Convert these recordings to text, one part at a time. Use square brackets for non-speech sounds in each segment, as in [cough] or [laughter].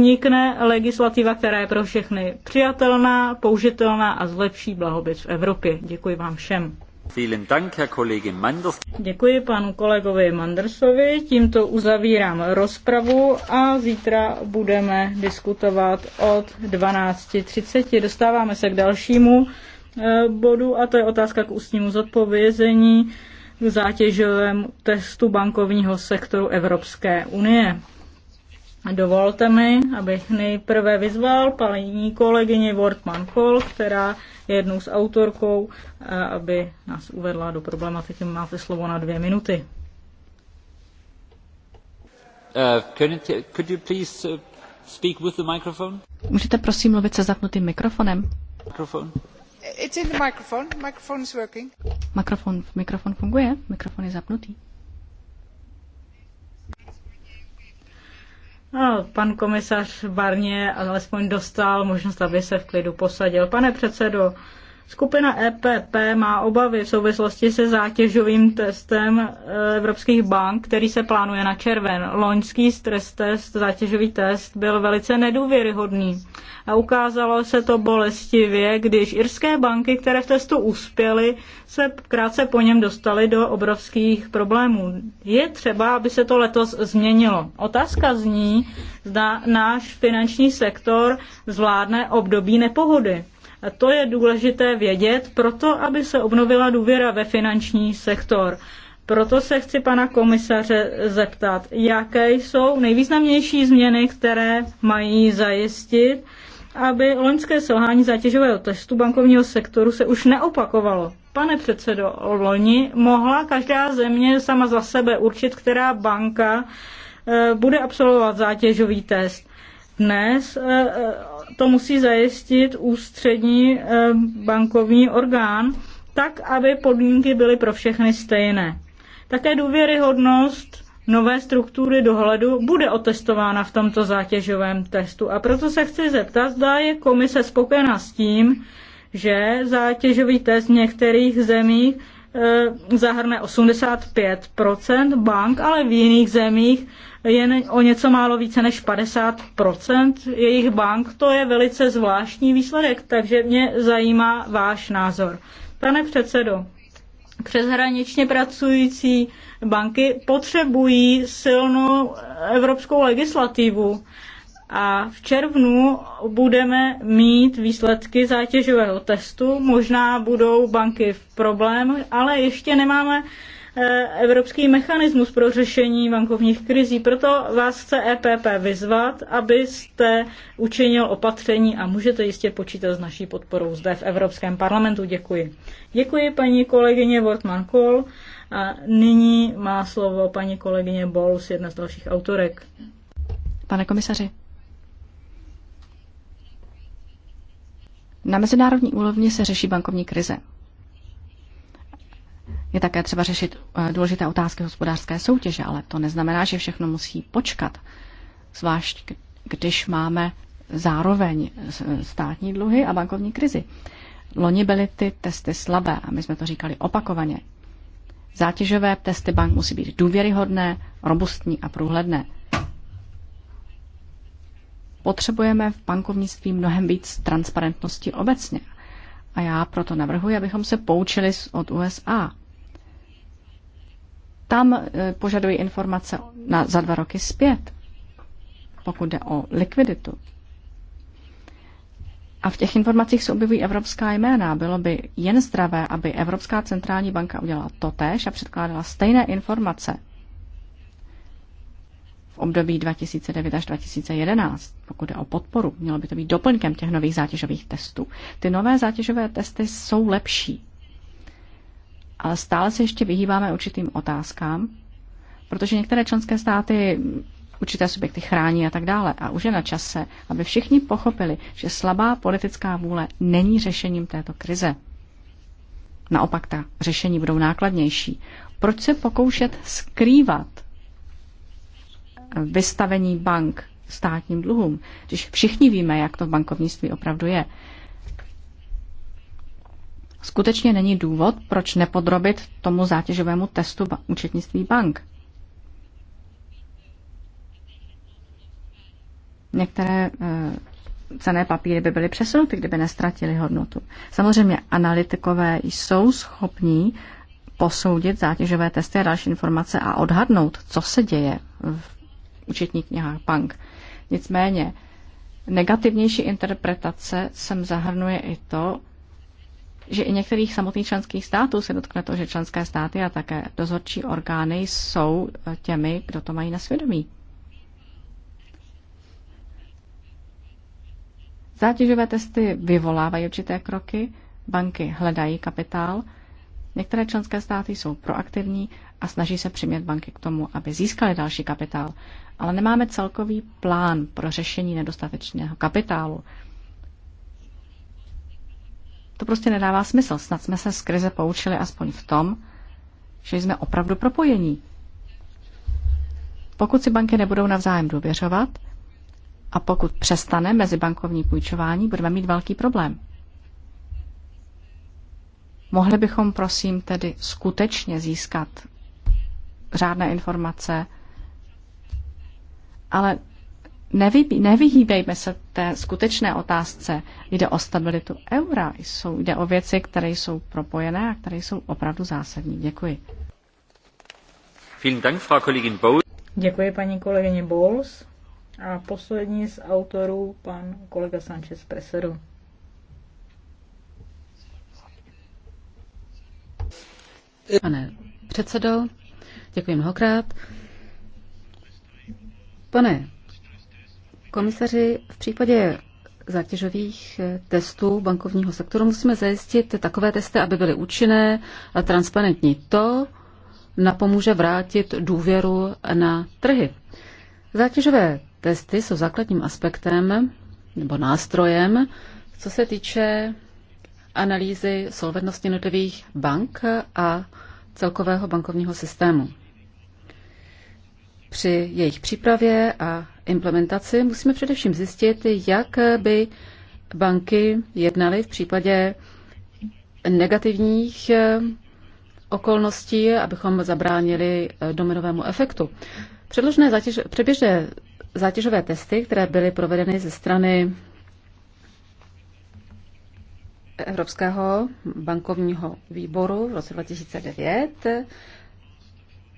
vznikne legislativa, která je pro všechny přijatelná, použitelná a zlepší blahobyt v Evropě. Děkuji vám všem. Děkuji panu kolegovi Mandersovi, tímto uzavírám rozpravu a zítra budeme diskutovat od 12.30. Dostáváme se k dalšímu eh, bodu a to je otázka k ústnímu zodpovězení k zátěžovému testu bankovního sektoru Evropské unie. Dovolte mi, abych nejprve vyzval paní kolegyně Wortman Kohl, která je jednou s autorkou, aby nás uvedla do problematiky. Máte slovo na dvě minuty. Uh, uh, Můžete prosím mluvit se zapnutým mikrofonem? Mikrofon. It's in the microphone. Microphone is working. Mikrofon, mikrofon funguje, mikrofon je zapnutý. No, pan komisař Barně alespoň dostal možnost, aby se v klidu posadil. Pane předsedo, Skupina EPP má obavy v souvislosti se zátěžovým testem e, evropských bank, který se plánuje na červen. Loňský stres test, zátěžový test, byl velice nedůvěryhodný a ukázalo se to bolestivě, když irské banky, které v testu uspěly, se krátce po něm dostaly do obrovských problémů. Je třeba, aby se to letos změnilo. Otázka zní, zda náš finanční sektor zvládne období nepohody. A to je důležité vědět proto, aby se obnovila důvěra ve finanční sektor. Proto se chci pana komisaře zeptat, jaké jsou nejvýznamnější změny, které mají zajistit, aby loňské selhání zátěžového testu bankovního sektoru se už neopakovalo. Pane předsedo, loni mohla každá země sama za sebe určit, která banka eh, bude absolvovat zátěžový test. Dnes eh, to musí zajistit ústřední eh, bankovní orgán, tak aby podmínky byly pro všechny stejné. Také důvěryhodnost nové struktury dohledu bude otestována v tomto zátěžovém testu. A proto se chci zeptat, zda je komise spokojená s tím, že zátěžový test v některých zemích Eh, zahrne 85 bank, ale v jiných zemích je o něco málo více než 50 jejich bank. To je velice zvláštní výsledek, takže mě zajímá váš názor. Pane předsedo, přeshraničně pracující banky potřebují silnou evropskou legislativu. A v červnu budeme mít výsledky zátěžového testu. Možná budou banky v problém, ale ještě nemáme eh, evropský mechanismus pro řešení bankovních krizí. Proto vás chce EPP vyzvat, abyste učinil opatření a můžete jistě počítat s naší podporou zde v Evropském parlamentu. Děkuji. Děkuji paní kolegyně Wortmann Kohl a nyní má slovo paní kolegyně Bols, jedna z dalších autorek. Pane komisaři, Na mezinárodní úrovni se řeší bankovní krize. Je také třeba řešit eh, důležité otázky hospodářské soutěže, ale to neznamená, že všechno musí počkat. Zvlášť když máme zároveň státní dluhy a bankovní krizi. Loni byly ty testy slabé a my jsme to říkali opakovaně. Zátěžové testy bank musí být důvěryhodné, robustní a průhledné. Potřebujeme v bankovnictví mnohem víc transparentnosti obecně. A já proto navrhuji, abychom se poučili od USA. Tam e, požadují informace na, za dva roky zpět, pokud jde o likviditu. A v těch informacích se objevují evropská jména. Bylo by jen zdravé, aby Evropská centrální banka udělala to tež a předkládala stejné informace období 2009 až 2011, pokud je o podporu. Mělo by to být doplňkem těch nových zátěžových testů. Ty nové zátěžové testy jsou lepší, ale stále se ještě vyhýbáme určitým otázkám, protože některé členské státy určité subjekty chrání a tak dále. A už je na čase, aby všichni pochopili, že slabá politická vůle není řešením této krize. Naopak ta řešení budou nákladnější. Proč se pokoušet skrývat vystavení bank státním dluhům, když všichni víme, jak to v bankovnictví opravdu je, skutečně není důvod, proč nepodrobit tomu zátěžovému testu účetnictví bank. Některé eh, cené papíry by byly přesunuty, kdyby nestratili hodnotu. Samozřejmě analytikové jsou schopní posoudit zátěžové testy a další informace a odhadnout, co se děje v účetní kniha bank. Nicméně negativnější interpretace sem zahrnuje i to, že i některých samotných členských států se dotkne to, že členské státy a také dozorčí orgány jsou těmi, kdo to mají na svědomí. Zátěžové testy vyvolávají určité kroky, banky hledají kapitál, některé členské státy jsou proaktivní a snaží se přimět banky k tomu, aby získaly další kapitál. Ale nemáme celkový plán pro řešení nedostatečného kapitálu. To prostě nedává smysl. Snad jsme se z krize poučili aspoň v tom, že jsme opravdu propojení. Pokud si banky nebudou navzájem důvěřovat a pokud přestane mezibankovní půjčování, budeme mít velký problém. Mohli bychom prosím tedy skutečně získat řádné informace. Ale nevybí, nevyhýbejme se té skutečné otázce. Jde o stabilitu eura, jsou, jde o věci, které jsou propojené a které jsou opravdu zásadní. Děkuji. Děkuji paní kolegyně Bowles. A poslední z autorů, pan kolega Sanchez Presedo. Pane předsedo, Děkuji mnohokrát. Pane komisaři, v případě zátěžových eh, testů bankovního sektoru musíme zajistit takové testy, aby byly účinné a transparentní. To napomůže vrátit důvěru na trhy. Zátěžové testy jsou základním aspektem nebo nástrojem, co se týče analýzy solvednosti jednotlivých bank a celkového bankovního systému. Při jejich přípravě a implementaci musíme především zjistit, jak by banky jednaly v případě negativních eh, okolností, abychom zabránili eh, dominovému efektu. Předložené zátěž, předběžné zátěžové testy, které byly provedeny ze strany Evropského bankovního výboru v roce 2009,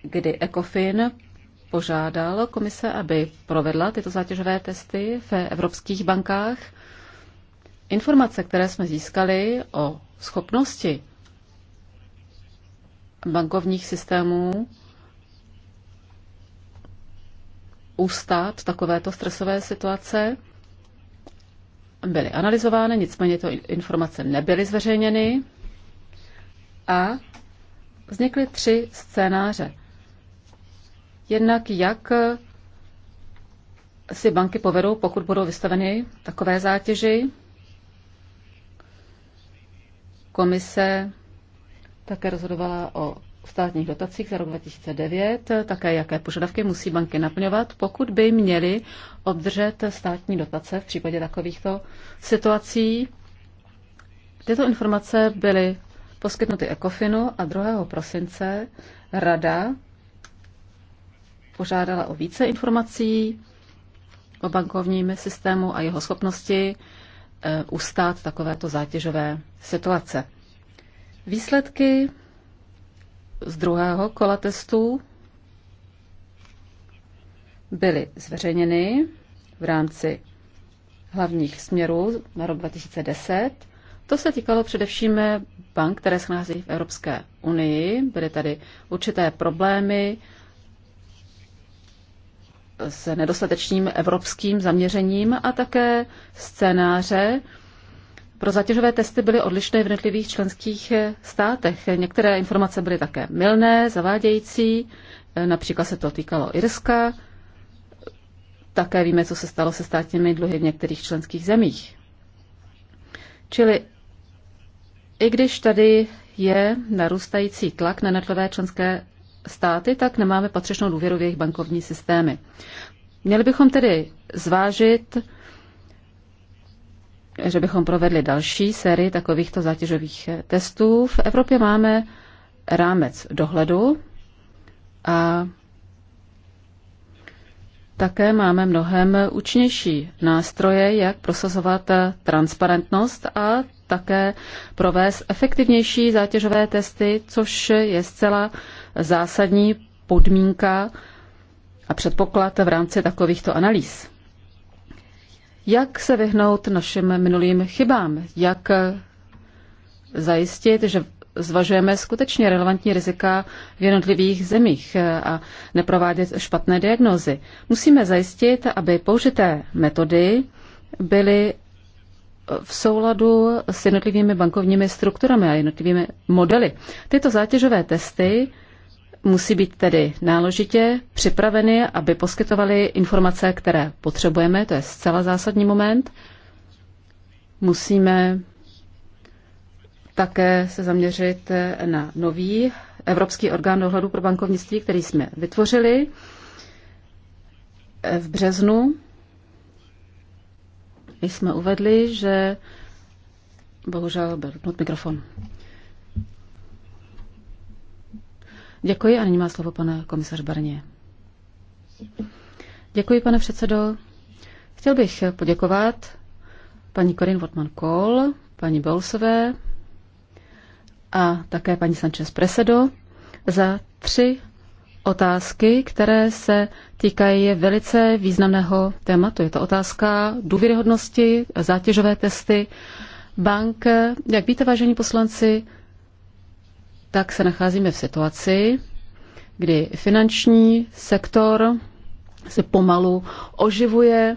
kdy ECOFIN požádal komise, aby provedla tyto zátěžové testy v evropských bankách. Informace, které jsme získali o schopnosti bankovních systémů ustát takovéto stresové situace, byly analyzovány, nicméně to informace nebyly zveřejněny a vznikly tři scénáře. Jednak jak si banky povedou, pokud budou vystaveny takové zátěži. Komise také rozhodovala o státních dotací za rok 2009, také jaké požadavky musí banky naplňovat, pokud by měly obdržet státní dotace v případě takovýchto situací. Tyto informace byly poskytnuty Ekofinu a 2. prosince Rada požádala o více informací o bankovním systému a jeho schopnosti eh, ustát takovéto zátěžové situace. Výsledky z druhého kola testů byly zveřejněny v rámci hlavních směrů na rok 2010. To se týkalo především bank, které schází v Evropské unii. Byly tady určité problémy s nedostatečným evropským zaměřením a také scénáře, pro zatěžové testy byly odlišné v jednotlivých členských eh, státech. Některé informace byly také milné, zavádějící, eh, například se to týkalo Irska. Také víme, co se stalo se státními dluhy v některých členských zemích. Čili i když tady je narůstající tlak na jednotlivé členské státy, tak nemáme patřičnou důvěru v jejich bankovní systémy. Měli bychom tedy zvážit, že bychom provedli další sérii takovýchto zátěžových testů. V Evropě máme rámec dohledu a také máme mnohem účinnější nástroje, jak prosazovat transparentnost a také provést efektivnější zátěžové testy, což je zcela zásadní podmínka a předpoklad v rámci takovýchto analýz jak se vyhnout našim minulým chybám, jak eh, zajistit, že zvažujeme skutečně relevantní rizika v jednotlivých zemích eh, a neprovádět špatné diagnózy. Musíme zajistit, aby použité metody byly eh, v souladu s jednotlivými bankovními strukturami a jednotlivými modely. Tyto zátěžové testy musí být tedy náležitě připraveny, aby poskytovali informace, které potřebujeme, to je zcela zásadní moment. Musíme také se zaměřit na nový Evropský orgán dohledu pro bankovnictví, který jsme vytvořili v březnu. My Jsme uvedli, že bohužel byl mikrofon. Děkuji a nyní má slovo pane komisař Barně. Děkuji, pane předsedo. Chtěl bych poděkovat paní Corin wotman Kohl, paní Bolsové a také paní Sanchez Presedo za tři otázky, které se týkají velice významného tématu. Je to otázka důvěryhodnosti, zátěžové testy bank. Jak víte, vážení poslanci, tak se nacházíme v situaci, kdy finanční sektor se pomalu oživuje.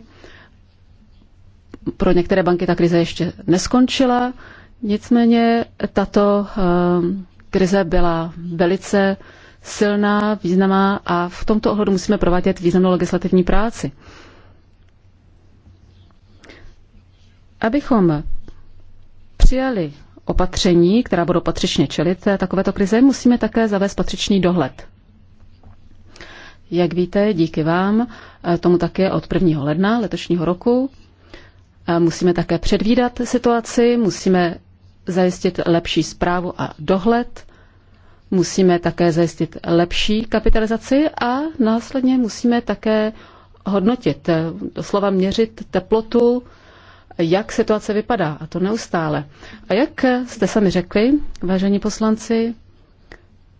Pro některé banky ta krize ještě neskončila, nicméně tato ehm, krize byla velice silná, významná a v tomto ohledu musíme provádět významnou legislativní práci. Abychom přijali opatření, která budou patřičně čelit eh, takovéto krize, musíme také zavést patřičný dohled. Jak víte, díky vám, eh, tomu také od 1. ledna letošního roku. Eh, musíme také předvídat situaci, musíme zajistit lepší zprávu a dohled, musíme také zajistit lepší kapitalizaci a následně musíme také hodnotit, doslova měřit teplotu jak situace vypadá, a to neustále. A jak jste sami řekli, vážení poslanci,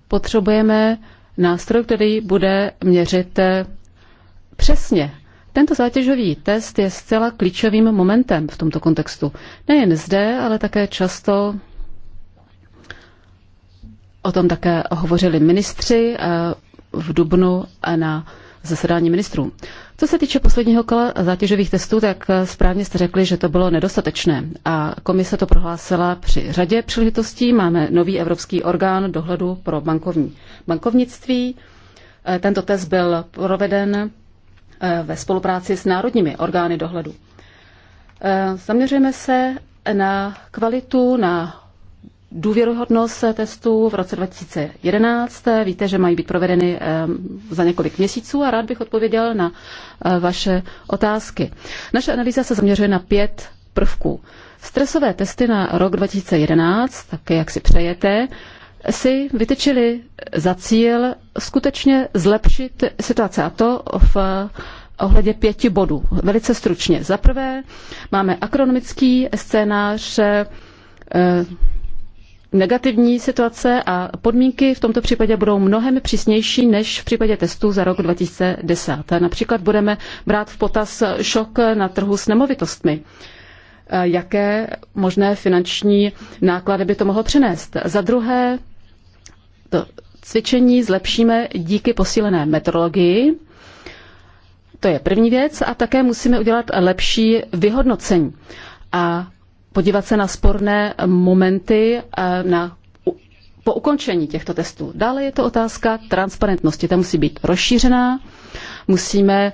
potřebujeme nástroj, který bude měřit eh, přesně. Tento zátěžový test je zcela klíčovým momentem v tomto kontextu. Nejen zde, ale také často o tom také hovořili ministři eh, v Dubnu na zasedání ministrů. Co se týče posledního kola zátěžových testů, tak správně jste řekli, že to bylo nedostatečné. A komise to prohlásila při řadě příležitostí. Máme nový evropský orgán dohledu pro bankovní bankovnictví. E, tento test byl proveden e, ve spolupráci s národními orgány dohledu. E, zaměřujeme se na kvalitu, na důvěryhodnost testů v roce 2011. Víte, že mají být provedeny eh, za několik měsíců a rád bych odpověděl na eh, vaše otázky. Naše analýza se zaměřuje na pět prvků. Stresové testy na rok 2011, také jak si přejete, si vytyčili za cíl skutečně zlepšit situace a to v eh, ohledě pěti bodů. Velice stručně. Za prvé máme akronomický scénář negativní situace a podmínky v tomto případě budou mnohem přísnější než v případě testů za rok 2010. Například budeme brát v potaz šok na trhu s nemovitostmi. E, jaké možné finanční náklady by to mohlo přinést? Za druhé, to cvičení zlepšíme díky posílené metrologii. To je první věc a také musíme udělat lepší vyhodnocení. A podívat se na sporné momenty eh, na po ukončení těchto testů. Dále je to otázka transparentnosti. Ta musí být rozšířená. Musíme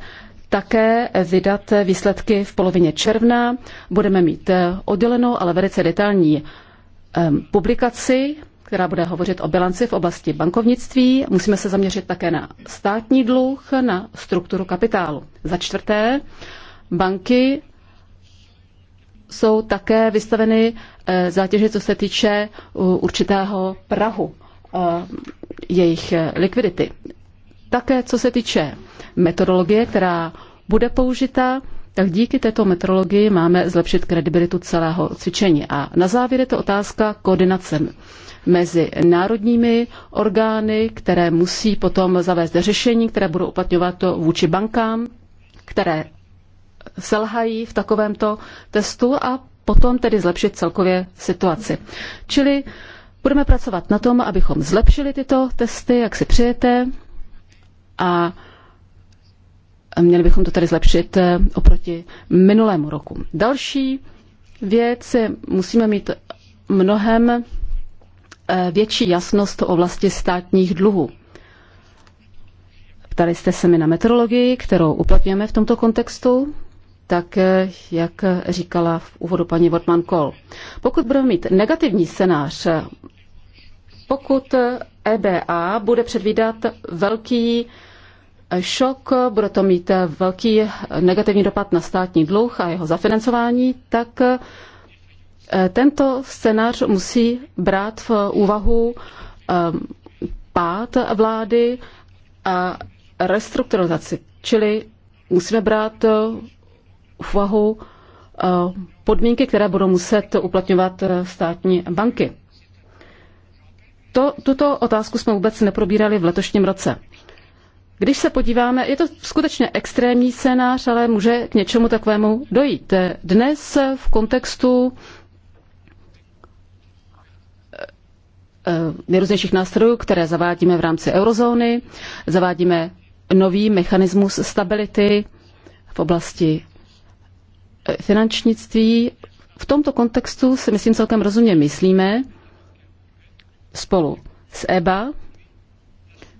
také vydat výsledky v polovině června. Budeme mít eh, oddělenou, ale velice detailní ehm, publikaci, která bude hovořit o bilanci v oblasti bankovnictví. Musíme se zaměřit také na státní dluh, na strukturu kapitálu. Za čtvrté, banky jsou také vystaveny eh, zátěže, co se týče určitého prahu eh, jejich eh, likvidity. Také co se týče metodologie, která bude použita, tak díky této metodologii máme zlepšit kredibilitu celého cvičení. A na závěr je to otázka koordinace mezi národními orgány, které musí potom zavést řešení, které budou uplatňovat to vůči bankám, které selhají v takovémto testu a potom tedy zlepšit celkově situaci. Čili budeme pracovat na tom, abychom zlepšili tyto testy, jak si přijete a měli bychom to tedy zlepšit eh, oproti minulému roku. Další věc je, musíme mít mnohem eh, větší jasnost o vlasti státních dluhů. Ptali jste se mi na meteorologii, kterou uplatňujeme v tomto kontextu. Tak jak říkala v úvodu paní Wortmann Kohl. Pokud budeme mít negativní scénář, pokud EBA bude předvídat velký šok, bude to mít velký negativní dopad na státní dluh a jeho zafinancování, tak eh, tento scénář musí brát v úvahu eh, pád vlády a restrukturalizaci, čili musíme brát úvahu eh, podmínky, které budou muset uplatňovat eh, státní banky. To, tuto otázku jsme vůbec neprobírali v letošním roce. Když se podíváme, je to skutečně extrémní scénář, ale může k něčemu takovému dojít. Dnes v kontextu eh, nejrůznějších nástrojů, které zavádíme v rámci eurozóny, zavádíme nový mechanismus stability v oblasti finančnictví v tomto kontextu si myslím celkem rozumně myslíme spolu s EBA,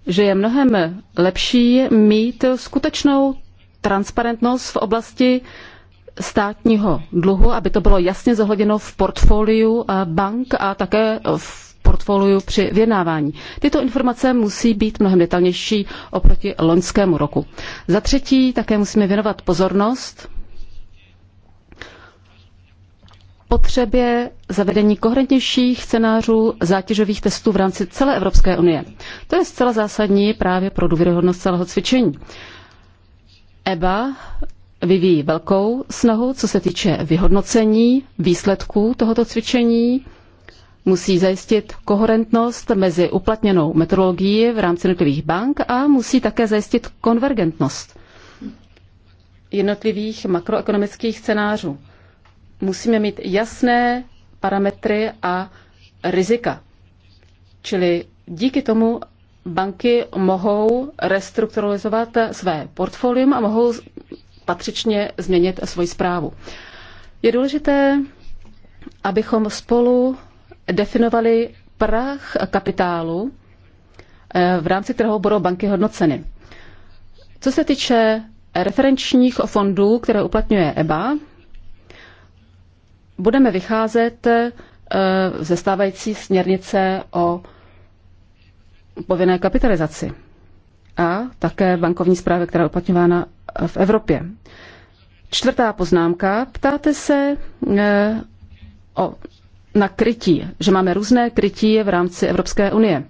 že je mnohem lepší mít skutečnou transparentnost v oblasti státního dluhu, aby to bylo jasně zohledněno v portfoliu bank a také v portfoliu při vyjednávání. Tyto informace musí být mnohem detailnější oproti loňskému roku. Za třetí také musíme věnovat pozornost potřebě zavedení koherentnějších scénářů zátěžových testů v rámci celé Evropské unie. To je zcela zásadní právě pro důvěryhodnost celého cvičení. EBA vyvíjí velkou snahu, co se týče vyhodnocení výsledků tohoto cvičení. Musí zajistit koherentnost mezi uplatněnou metodologií v rámci jednotlivých bank a musí také zajistit konvergentnost jednotlivých makroekonomických scénářů musíme mít jasné parametry a rizika. Čili díky tomu banky mohou restrukturalizovat své portfolium a mohou patřičně změnit svoji zprávu. Je důležité, abychom spolu definovali prach kapitálu, eh, v rámci kterého budou banky hodnoceny. Co se týče referenčních fondů, které uplatňuje EBA, budeme vycházet eh, ze stávající směrnice o povinné kapitalizaci a také bankovní zprávy, která je uplatňována v Evropě. Čtvrtá poznámka. Ptáte se eh, o, na krytí, že máme různé krytí v rámci Evropské unie.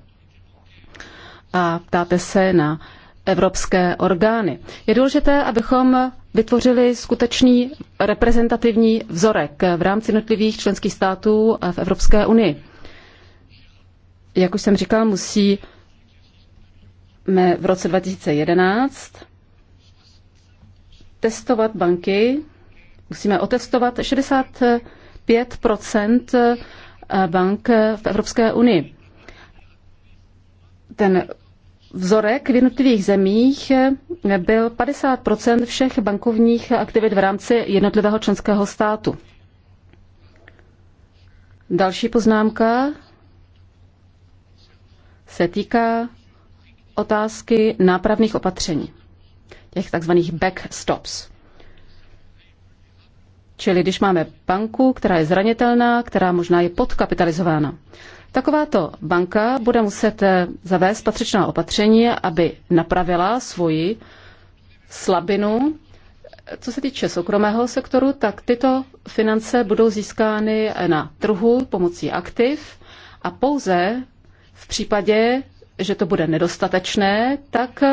A ptáte se na evropské orgány. Je důležité, abychom vytvořili skutečný reprezentativní vzorek v rámci jednotlivých členských států v Evropské unii. Jak už jsem říkal, musíme v roce 2011 testovat banky, musíme otestovat 65 bank v Evropské unii. Ten vzorek v jednotlivých zemích eh, byl 50 všech bankovních aktivit v rámci jednotlivého členského státu. Další poznámka se týká otázky nápravných opatření, těch takzvaných backstops. Čili když máme banku, která je zranitelná, která možná je podkapitalizována, Takováto banka bude muset eh, zavést patřičná opatření, aby napravila svoji slabinu. Co se týče soukromého sektoru, tak tyto finance budou získány na trhu pomocí aktiv a pouze v případě že to bude nedostatečné, tak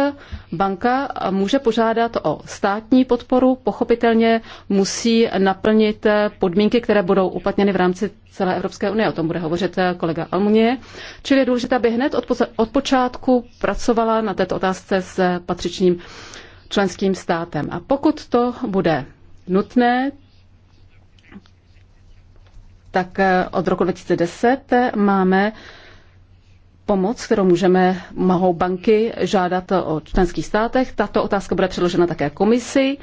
banka může požádat o státní podporu. Pochopitelně musí naplnit podmínky, které budou uplatněny v rámci celé Evropské unie. O tom bude hovořit kolega Almunie. Čili je důležité, aby hned od počátku pracovala na této otázce s patřičným členským státem. A pokud to bude nutné, tak od roku 2010 máme pomoc, kterou můžeme, mohou banky žádat o členských státech. Tato otázka bude předložena také komisi,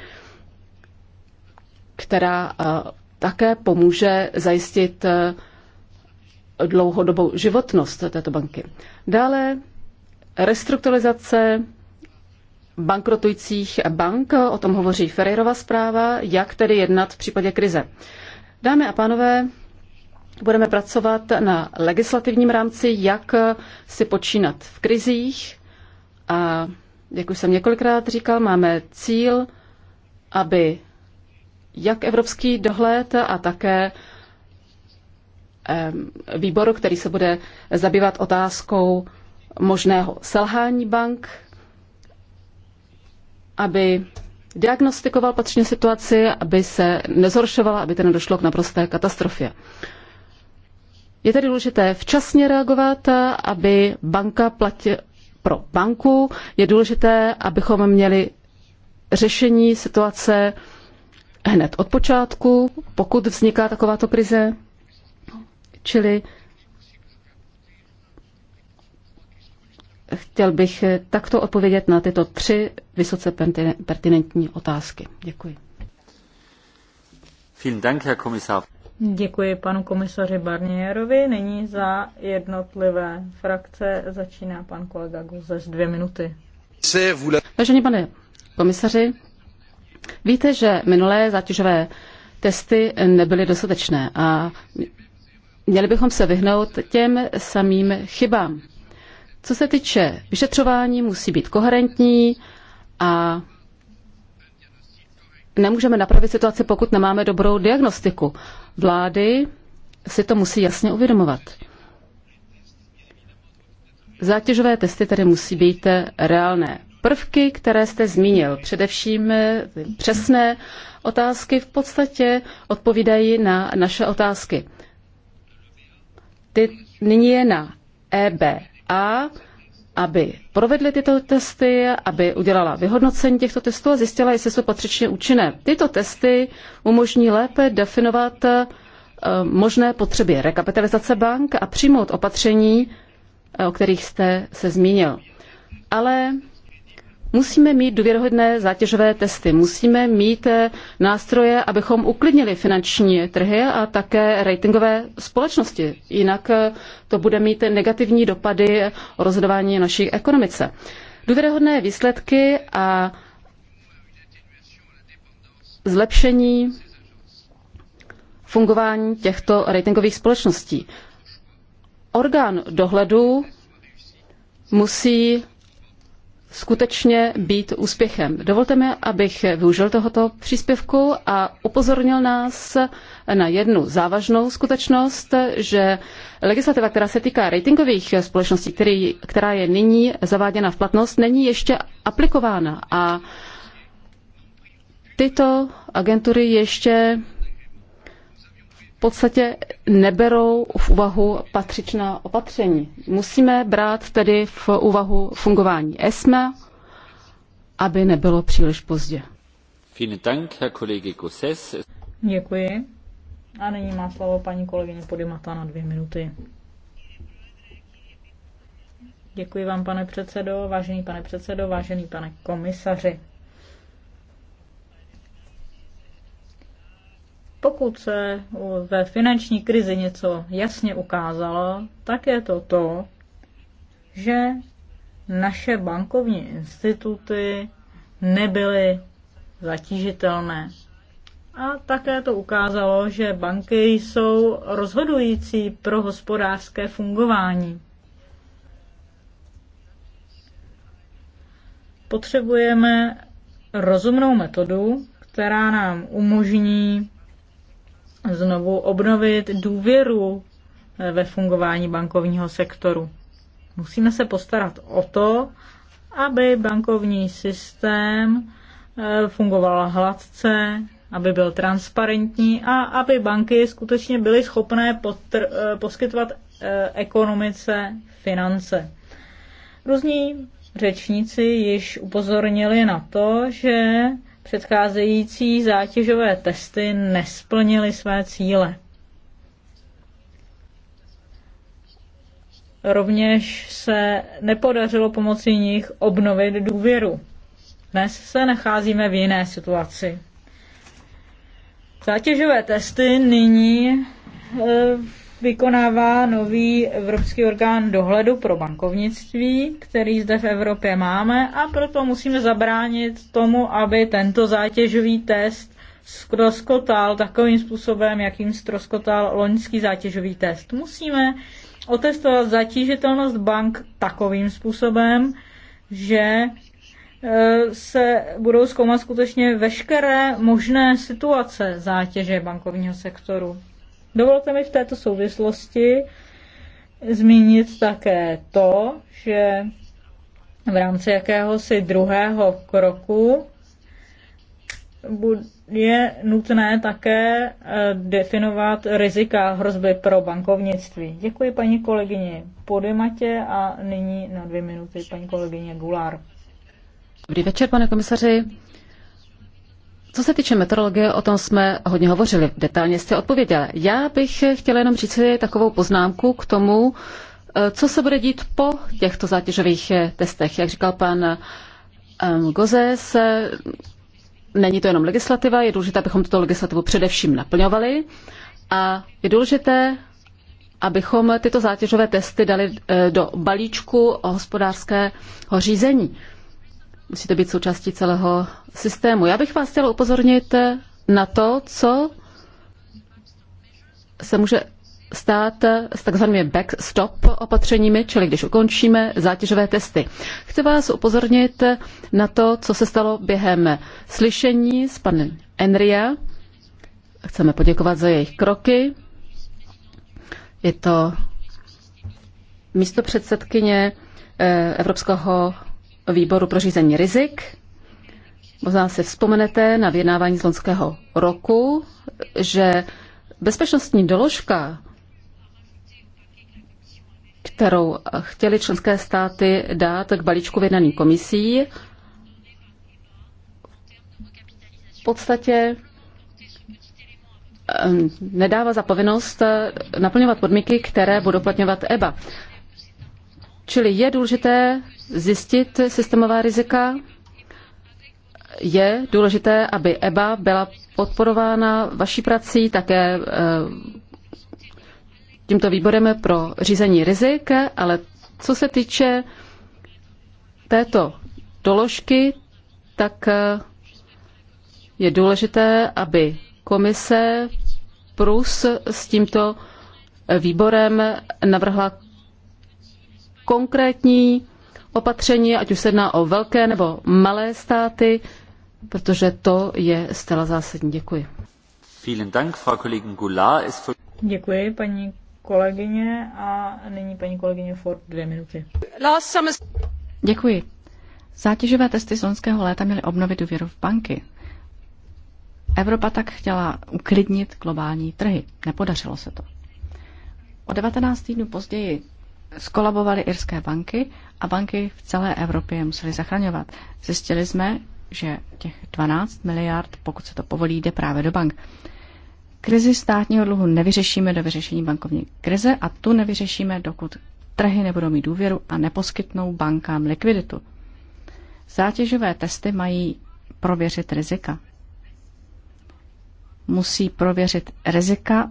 která eh, také pomůže zajistit eh, dlouhodobou životnost této banky. Dále restrukturalizace bankrotujících bank, o tom hovoří Ferrerova zpráva, jak tedy jednat v případě krize. Dámy a pánové, budeme pracovat na legislativním rámci, jak si počínat v krizích. A jak už jsem několikrát říkal, máme cíl, aby jak evropský dohled a také výboru, který se bude zabývat otázkou možného selhání bank, aby diagnostikoval patřičně situaci, aby se nezhoršovala, aby to nedošlo k naprosté katastrofě. Je tedy důležité včasně reagovat, aby banka platila pro banku. Je důležité, abychom měli řešení situace hned od počátku, pokud vzniká takováto krize. Čili chtěl bych takto odpovědět na tyto tři vysoce pertinentní otázky. Děkuji. Vielen Dank, Herr Kommissar. Děkuji panu komisaři Barnierovi. Nyní za jednotlivé frakce začíná pan kolega z dvě minuty. Vážený pane komisaři, víte, že minulé zátěžové testy nebyly dostatečné a měli bychom se vyhnout těm samým chybám. Co se týče vyšetřování, musí být koherentní a nemůžeme napravit situaci, pokud nemáme dobrou diagnostiku. Vlády si to musí jasně uvědomovat. Zátěžové testy tedy musí být reálné. Prvky, které jste zmínil, především eh, přesné otázky, v podstatě odpovídají na naše otázky. Ty, nyní je na EBA, aby provedly tyto testy, aby udělala vyhodnocení těchto testů a zjistila, jestli jsou patřičně účinné. Tyto testy umožní lépe definovat eh, možné potřeby rekapitalizace bank a přijmout opatření, eh, o kterých jste se zmínil. Ale Musíme mít důvěrohodné zátěžové testy, musíme mít eh, nástroje, abychom uklidnili finanční trhy a také ratingové společnosti. Jinak eh, to bude mít negativní dopady o rozhodování naší ekonomice. Důvěrohodné výsledky a zlepšení fungování těchto ratingových společností. Orgán dohledu musí skutečně být úspěchem. Dovolte mi, abych využil tohoto příspěvku a upozornil nás na jednu závažnou skutečnost, že legislativa, která se týká ratingových společností, který, která je nyní zaváděna v platnost, není ještě aplikována a tyto agentury ještě podstatě neberou v úvahu patřičná opatření. Musíme brát tedy v úvahu fungování ESME, aby nebylo příliš pozdě. Děkuji. A nyní má slovo paní kolegyně Podimata na dvě minuty. Děkuji vám, pane předsedo, vážený pane předsedo, vážený pane komisaři. Pokud se ve finanční krizi něco jasně ukázalo, tak je to to, že naše bankovní instituty nebyly zatížitelné. A také to ukázalo, že banky jsou rozhodující pro hospodářské fungování. Potřebujeme rozumnou metodu, která nám umožní znovu obnovit důvěru eh, ve fungování bankovního sektoru. Musíme se postarat o to, aby bankovní systém eh, fungoval hladce, aby byl transparentní a aby banky skutečně byly schopné eh, poskytovat ekonomice finance. Různí řečníci již upozornili na to, že předcházející zátěžové testy nesplnily své cíle. Rovněž se nepodařilo pomocí nich obnovit důvěru. Dnes se nacházíme v jiné situaci. Zátěžové testy nyní eh, vykonává nový evropský orgán dohledu pro bankovnictví, který zde v Evropě máme a proto musíme zabránit tomu, aby tento zátěžový test stroskotal takovým způsobem, jakým stroskotal loňský zátěžový test. Musíme otestovat zatížitelnost bank takovým způsobem, že e, se budou zkoumat skutečně veškeré možné situace zátěže bankovního sektoru. Dovolte mi v této souvislosti zmínit také to, že v rámci jakéhosi druhého kroku je nutné také eh, definovat rizika hrozby pro bankovnictví. Děkuji paní kolegyni Podematě a nyní na dvě minuty paní kolegyně Gulár. Dobrý večer, pane komisaři. Co se týče meteorologie, o tom jsme hodně hovořili, detailně jste odpověděli. Já bych chtěla jenom říct si takovou poznámku k tomu, eh, co se bude dít po těchto zátěžových eh, testech. Jak říkal pan eh, Gozes, není to jenom legislativa, je důležité, abychom tuto legislativu především naplňovali a je důležité, abychom tyto zátěžové testy dali do balíčku hospodářského řízení. Musí to být součástí celého systému. Já bych vás chtěla upozornit na to, co se může stát s takzvanými backstop opatřeními, čili když ukončíme zátěžové testy. Chci vás upozornit na to, co se stalo během slyšení s panem Enria. Chceme poděkovat za jejich kroky. Je to místo předsedkyně eh, Evropského výboru pro řízení rizik. Možná si vzpomenete na vyjednávání z loňského roku, že bezpečnostní doložka, kterou chtěli členské státy dát k balíčku vyjednaný komisí, v podstatě eh, nedává za povinnost naplňovat podmínky, které budou platňovat EBA. Čili je důležité zjistit systémová rizika, je důležité, aby EBA byla podporována vaší prací, také eh, tímto výborem pro řízení rizik, ale co se týče této doložky, tak eh, je důležité, aby komise Prus s tímto eh, výborem navrhla konkrétní opatření, ať už se jedná o velké nebo malé státy, protože to je zcela zásadní. Děkuji. Děkuji, paní kolegyně a nyní paní kolegyně Ford dvě minuty. Děkuji. Zátěžové testy z loňského léta měly obnovit důvěru v banky. Evropa tak chtěla uklidnit globální trhy. Nepodařilo se to. O 19 týdnů později skolabovaly irské banky a banky v celé Evropě je museli zachraňovat. Zjistili jsme, že těch 12 miliard, pokud se to povolí, jde právě do bank. Krizi státního dluhu nevyřešíme do vyřešení bankovní krize a tu nevyřešíme, dokud trhy nebudou mít důvěru a neposkytnou bankám likviditu. Zátěžové testy mají prověřit rizika. Musí prověřit rizika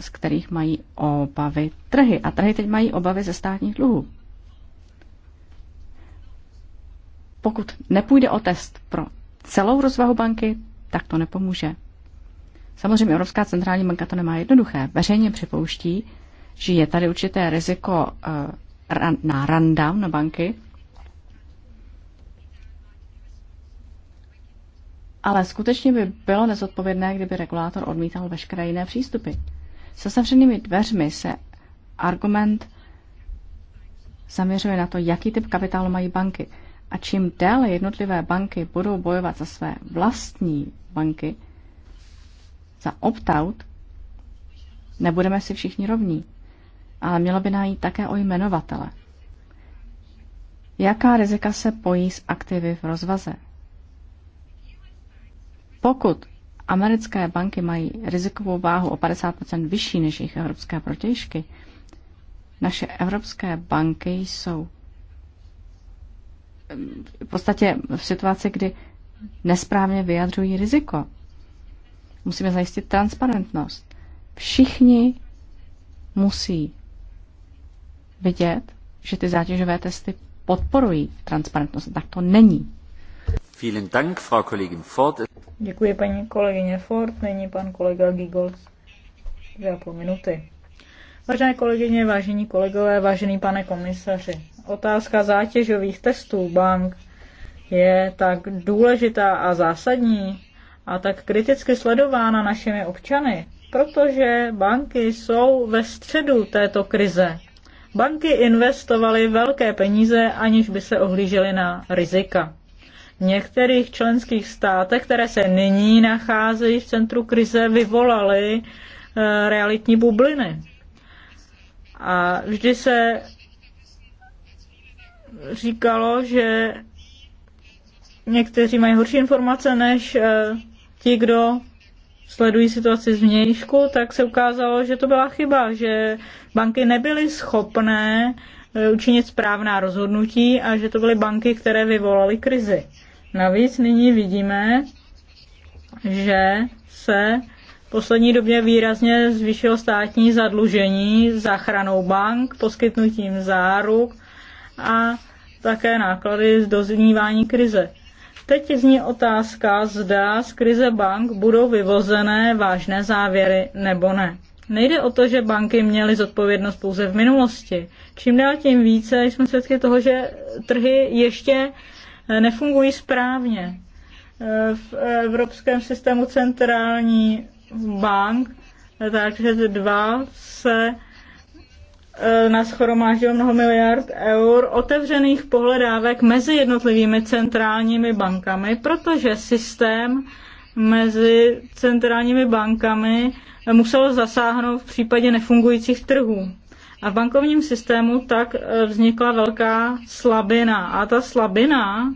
z kterých mají obavy trhy. A trhy teď mají obavy ze státních dluhů. Pokud nepůjde o test pro celou rozvahu banky, tak to nepomůže. Samozřejmě Evropská centrální banka to nemá jednoduché. Veřejně připouští, že je tady určité riziko eh, na rundown na banky, ale skutečně by bylo nezodpovědné, kdyby regulátor odmítal veškeré jiné přístupy. Se zavřenými dveřmi se argument zaměřuje na to, jaký typ kapitálu mají banky. A čím déle jednotlivé banky budou bojovat za své vlastní banky, za opt-out, nebudeme si všichni rovní. Ale mělo by najít také o jmenovatele. Jaká rizika se pojí s aktivy v rozvaze? Pokud americké banky mají rizikovou váhu o 50 vyšší než jejich evropské protějšky, naše evropské banky jsou v podstatě v situaci, kdy nesprávně vyjadřují riziko. Musíme zajistit transparentnost. Všichni musí vidět, že ty zátěžové testy podporují transparentnost. Tak to není. Děkuji paní kolegyně Ford, nyní pan kolega Dvě a půl minuty. Vážené kolegyně, vážení kolegové, vážený pane komisaři, otázka zátěžových testů bank je tak důležitá a zásadní a tak kriticky sledována našimi občany, protože banky jsou ve středu této krize. Banky investovaly velké peníze, aniž by se ohlížely na rizika některých členských státech, které se nyní nacházejí v centru krize, vyvolaly eh, realitní bubliny. A vždy se říkalo, že někteří mají horší informace než eh, ti, kdo sledují situaci z vnějšku, tak se ukázalo, že to byla chyba, že banky nebyly schopné eh, učinit správná rozhodnutí a že to byly banky, které vyvolaly krizi. Navíc nyní vidíme, že se v poslední době výrazně zvýšilo státní zadlužení záchranou bank, poskytnutím záruk a také náklady z doznívání krize. Teď zní otázka, zda z krize bank budou vyvozené vážné závěry nebo ne. Nejde o to, že banky měly zodpovědnost pouze v minulosti. Čím dál tím více jsme svědky toho, že trhy ještě nefungují správně. V evropském systému centrální bank, takže dva se eh, naschromáždilo mnoho miliard eur otevřených pohledávek mezi jednotlivými centrálními bankami, protože systém mezi centrálními bankami musel zasáhnout v případě nefungujících trhů. A v bankovním systému tak e, vznikla velká slabina. A ta slabina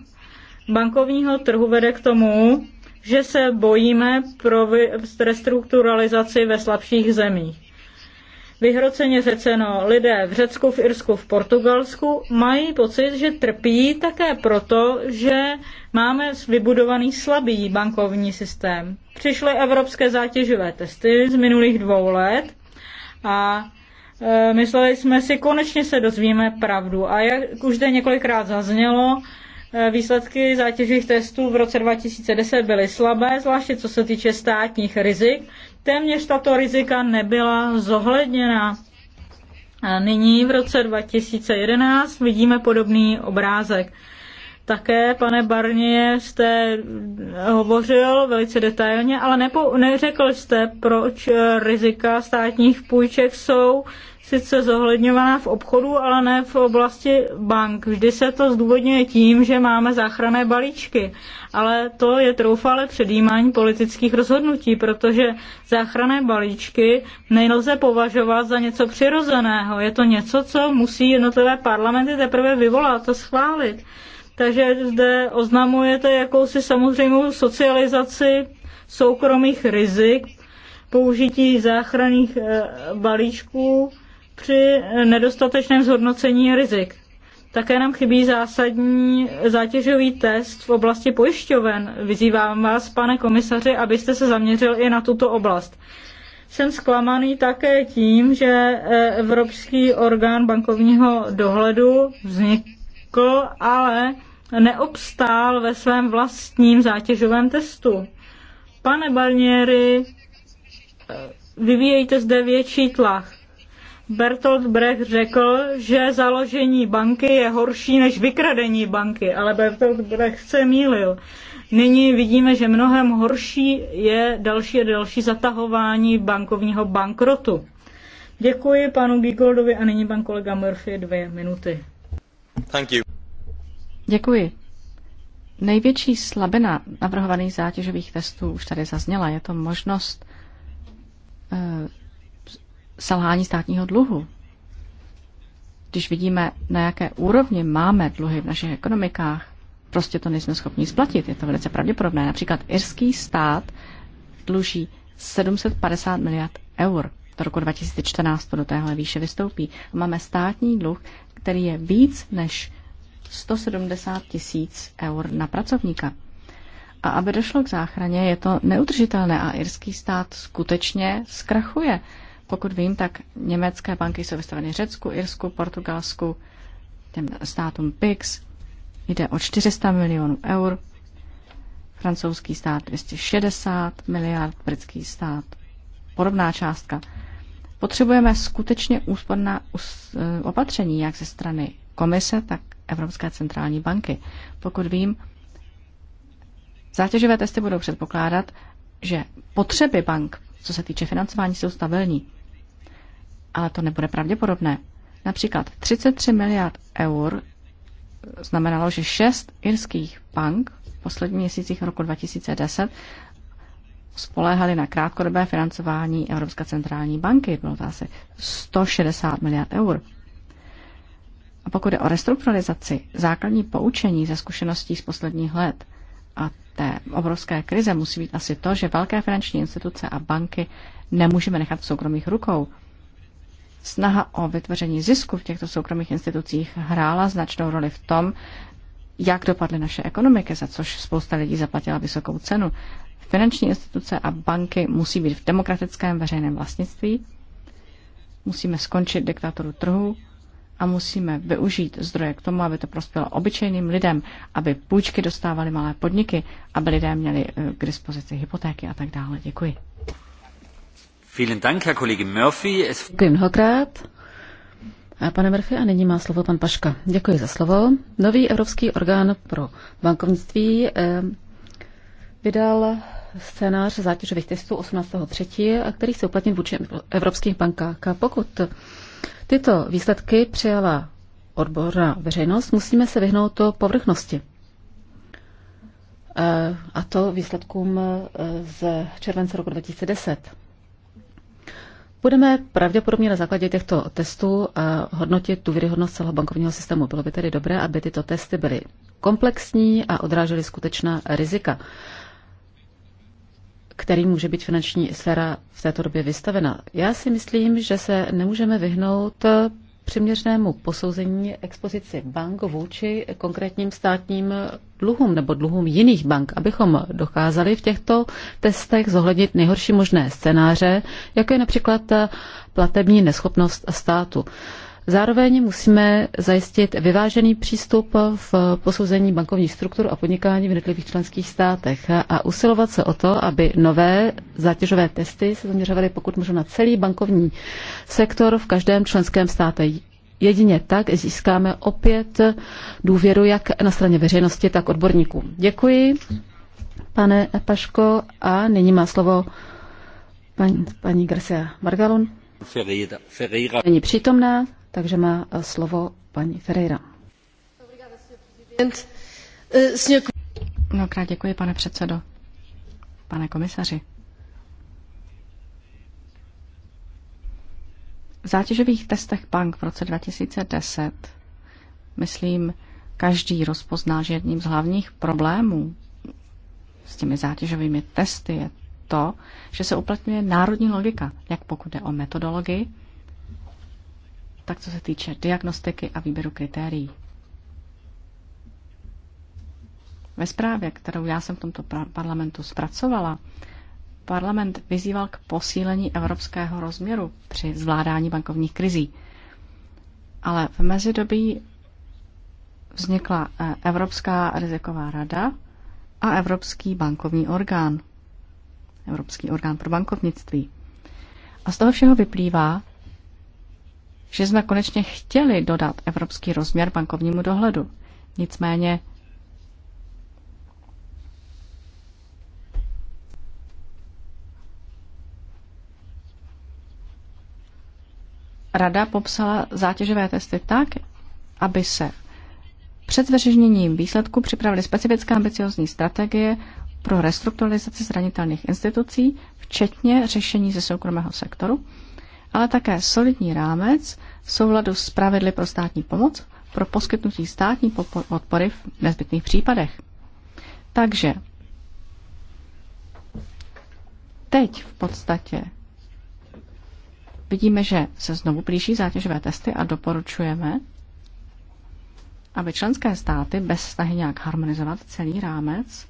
bankovního trhu vede k tomu, že se bojíme pro restrukturalizaci ve slabších zemích. Vyhroceně řeceno, lidé v Řecku, v Irsku, v Portugalsku mají pocit, že trpí také proto, že máme vybudovaný slabý bankovní systém. Přišly evropské zátěžové testy z minulých dvou let a Eh, mysleli jsme si, konečně se dozvíme pravdu. A jak už zde několikrát zaznělo, eh, výsledky zátěžových testů v roce 2010 byly slabé, zvláště co se týče státních rizik. Téměř tato rizika nebyla zohledněna. A nyní v roce 2011 vidíme podobný obrázek. Také, pane Barnier, jste hovořil velice detailně, ale nepo, neřekl jste, proč eh, rizika státních půjček jsou sice zohledňovaná v obchodu, ale ne v oblasti bank. Vždy se to zdůvodňuje tím, že máme záchranné balíčky, ale to je troufale předjímání politických rozhodnutí, protože záchranné balíčky nejlze považovat za něco přirozeného. Je to něco, co musí jednotlivé parlamenty teprve vyvolat a schválit. Takže zde oznamujete jakousi samozřejmou socializaci soukromých rizik, použití záchranných eh, balíčků při nedostatečném zhodnocení rizik. Také nám chybí zásadní zátěžový test v oblasti pojišťoven. Vyzývám vás, pane komisaři, abyste se zaměřil i na tuto oblast. Jsem zklamaný také tím, že e, Evropský orgán bankovního dohledu vznikl, ale neobstál ve svém vlastním zátěžovém testu. Pane Barniery, e, vyvíjejte zde větší tlach. Bertolt Brecht řekl, že založení banky je horší než vykradení banky, ale Bertolt Brecht se mýlil. Nyní vidíme, že mnohem horší je další a další zatahování bankovního bankrotu. Děkuji panu Gigoldovi a nyní pan kolega Murphy dvě minuty. Thank you. Děkuji. Největší slabina navrhovaných zátěžových testů už tady zazněla. Je to možnost eh, selhání státního dluhu. Když vidíme, na jaké úrovni máme dluhy v našich ekonomikách, prostě to nejsme schopni splatit. Je to velice pravděpodobné. Například irský stát dluží 750 miliard eur. Do roku 2014 to do téhle výše vystoupí. Máme státní dluh, který je víc než 170 tisíc eur na pracovníka. A aby došlo k záchraně, je to neudržitelné a irský stát skutečně zkrachuje. Pokud vím, tak německé banky jsou vystaveny Řecku, Irsku, Portugalsku, těm státům PIX. Jde o 400 milionů eur, francouzský stát 260 miliard, britský stát podobná částka. Potřebujeme skutečně úsporná eh, opatření, jak ze strany komise, tak Evropské centrální banky. Pokud vím, zátěžové testy budou předpokládat, že potřeby bank, co se týče financování, jsou stabilní ale to nebude pravděpodobné. Například 33 miliard eur znamenalo, že šest irských bank v posledních měsících roku 2010 spoléhali na krátkodobé financování Evropské centrální banky. Bylo to asi 160 miliard eur. A pokud je o restrukturalizaci, základní poučení ze zkušeností z posledních let a té obrovské krize musí být asi to, že velké finanční instituce a banky nemůžeme nechat v soukromých rukou snaha o vytvoření zisku v těchto soukromých institucích hrála značnou roli v tom, jak dopadly naše ekonomiky, za což spousta lidí zaplatila vysokou cenu. Finanční instituce a banky musí být v demokratickém veřejném vlastnictví, musíme skončit diktaturu trhu a musíme využít zdroje k tomu, aby to prospělo obyčejným lidem, aby půjčky dostávaly malé podniky, aby lidé měli eh, k dispozici hypotéky a tak dále. Děkuji. Děkuji mnohokrát. A pane Murphy, a nyní má slovo pan Paška. Děkuji za slovo. Nový Evropský orgán pro bankovnictví eh, vydal scénář zátěžových testů 18.3., který se uplatnil vůči evropských bankách. Pokud tyto výsledky přijala odborná veřejnost, musíme se vyhnout to povrchnosti. Eh, a to výsledkům eh, z července roku 2010. Budeme pravděpodobně na základě těchto testů eh, hodnotit tu věryhodnost celého bankovního systému. Bylo by tedy dobré, aby tyto testy byly komplexní a odrážely skutečná rizika, kterým může být finanční sféra v této době vystavena. Já si myslím, že se nemůžeme vyhnout přiměřenému posouzení expozici bank vůči konkrétním státním dluhům nebo dluhům jiných bank, abychom dokázali v těchto testech zohlednit nejhorší možné scénáře, jako je například platební neschopnost státu. Zároveň musíme zajistit vyvážený přístup v posouzení bankovních struktur a podnikání v jednotlivých členských státech a usilovat se o to, aby nové zátěžové testy se zaměřovaly pokud možno na celý bankovní sektor v každém členském státě. Jedině tak získáme opět důvěru jak na straně veřejnosti, tak odborníků. Děkuji, pane Paško, a nyní má slovo paní, paní Garcia Margalon. Ferreira. Ferreira. Není přítomná, takže má slovo paní Ferreira. Mnohokrát děkuji, pane předsedo. Pane komisaři. V zátěžových testech bank v roce 2010, myslím, každý rozpozná, že jedním z hlavních problémů s těmi zátěžovými testy je to, že se uplatňuje národní logika, jak pokud jde o metodologii, tak co se týče diagnostiky a výběru kritérií. Ve zprávě, kterou já jsem v tomto parlamentu zpracovala, parlament vyzýval k posílení evropského rozměru při zvládání bankovních krizí. Ale v mezidobí vznikla e, Evropská riziková rada a Evropský bankovní orgán. Evropský orgán pro bankovnictví. A z toho všeho vyplývá, že jsme konečně chtěli dodat evropský rozměr bankovnímu dohledu. Nicméně Rada popsala zátěžové testy tak, aby se před zveřejněním výsledku připravili specifická ambiciozní strategie pro restrukturalizaci zranitelných institucí, včetně řešení ze soukromého sektoru ale také solidní rámec v souladu s pravidly pro státní pomoc pro poskytnutí státní podpory v nezbytných případech. Takže teď v podstatě vidíme, že se znovu blíží zátěžové testy a doporučujeme, aby členské státy bez snahy nějak harmonizovat celý rámec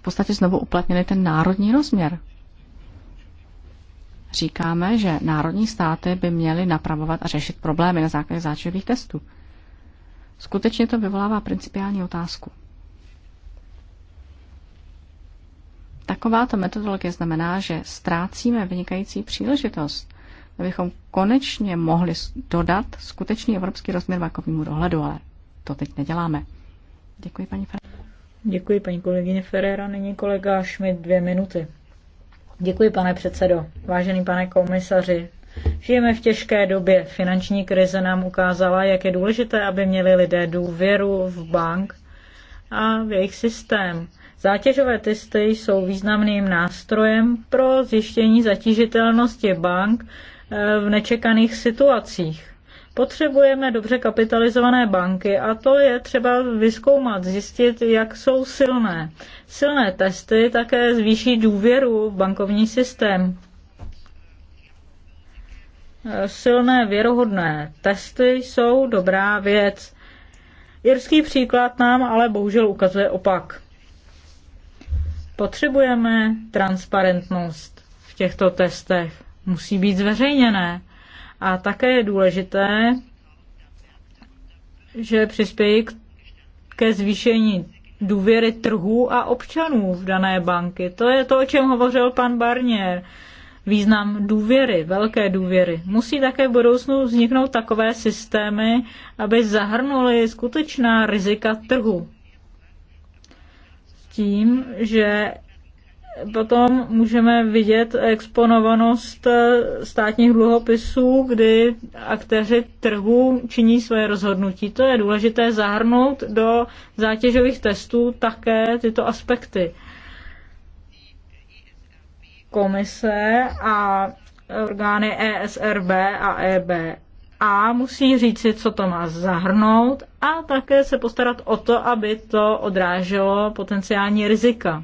v podstatě znovu uplatnili ten národní rozměr. Říkáme, že národní státy by měly napravovat a řešit problémy na základě záčivých testů. Skutečně to vyvolává principiální otázku. Takováto metodologie znamená, že ztrácíme vynikající příležitost, abychom konečně mohli dodat skutečný evropský rozměr bankovnímu dohledu, ale to teď neděláme. Děkuji, paní Fran. Děkuji paní kolegyně Ferrera, nyní kolega Schmidt dvě minuty. Děkuji, pane předsedo. Vážený pane komisaři, Žijeme v těžké době. Finanční krize nám ukázala, jak je důležité, aby měli lidé důvěru v bank a v jejich systém. Zátěžové testy jsou významným nástrojem pro zjištění zatížitelnosti bank eh, v nečekaných situacích. Potřebujeme dobře kapitalizované banky a to je třeba vyskoumat, zjistit, jak jsou silné. Silné testy také zvýší důvěru v bankovní systém. Silné věrohodné testy jsou dobrá věc. Jirský příklad nám ale bohužel ukazuje opak. Potřebujeme transparentnost v těchto testech. Musí být zveřejněné a také je důležité, že přispějí k, ke zvýšení důvěry trhu a občanů v dané banky. To je to, o čem hovořil pan Barnier. Význam důvěry, velké důvěry. Musí také v budoucnu vzniknout takové systémy, aby zahrnuly skutečná rizika trhu. Tím, že Potom můžeme vidět exponovanost eh, státních dluhopisů, kdy aktéři trhu činí své rozhodnutí. To je důležité zahrnout do zátěžových testů také tyto aspekty. Komise a orgány ESRB a EB a musí říci, co to má zahrnout a také se postarat o to, aby to odráželo potenciální rizika.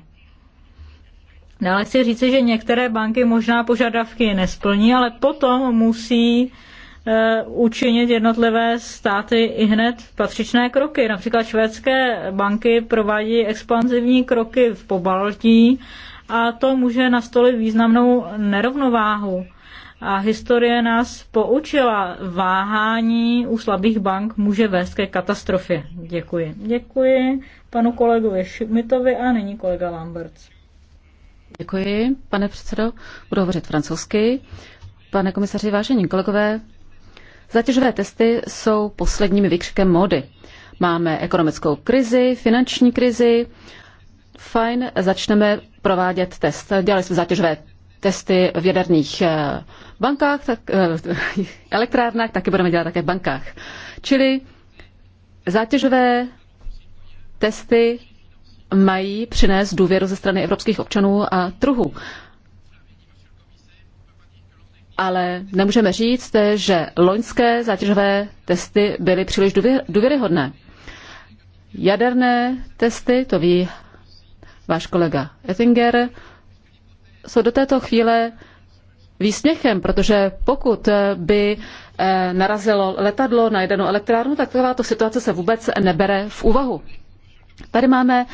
Dále no, chci říci, že některé banky možná požadavky nesplní, ale potom musí eh, učinit jednotlivé státy i hned patřičné kroky. Například švédské banky provádí expanzivní kroky v pobaltí a to může nastolit významnou nerovnováhu. A historie nás poučila, váhání u slabých bank může vést ke katastrofě. Děkuji. Děkuji panu kolegovi Šmitovi a nyní kolega Lamberts. Děkuji, pane předsedo. Budu hovořit francouzsky. Pane komisaři, vážení kolegové, zatěžové testy jsou posledním výkřikem módy. Máme ekonomickou krizi, finanční krizi. Fajn, začneme provádět test. Dělali jsme zatěžové testy v jaderných eh, bankách, tak, eh, [laughs] elektrárnách, taky budeme dělat také v bankách. Čili zátěžové testy mají přinést důvěru ze strany evropských občanů a trhu. Ale nemůžeme říct, že loňské zátěžové testy byly příliš důvěryhodné. Jaderné testy, to ví váš kolega Ettinger, jsou do této chvíle výsměchem, protože pokud by eh, narazilo letadlo na jedenou elektrárnu, tak takováto situace se vůbec nebere v úvahu. Tady máme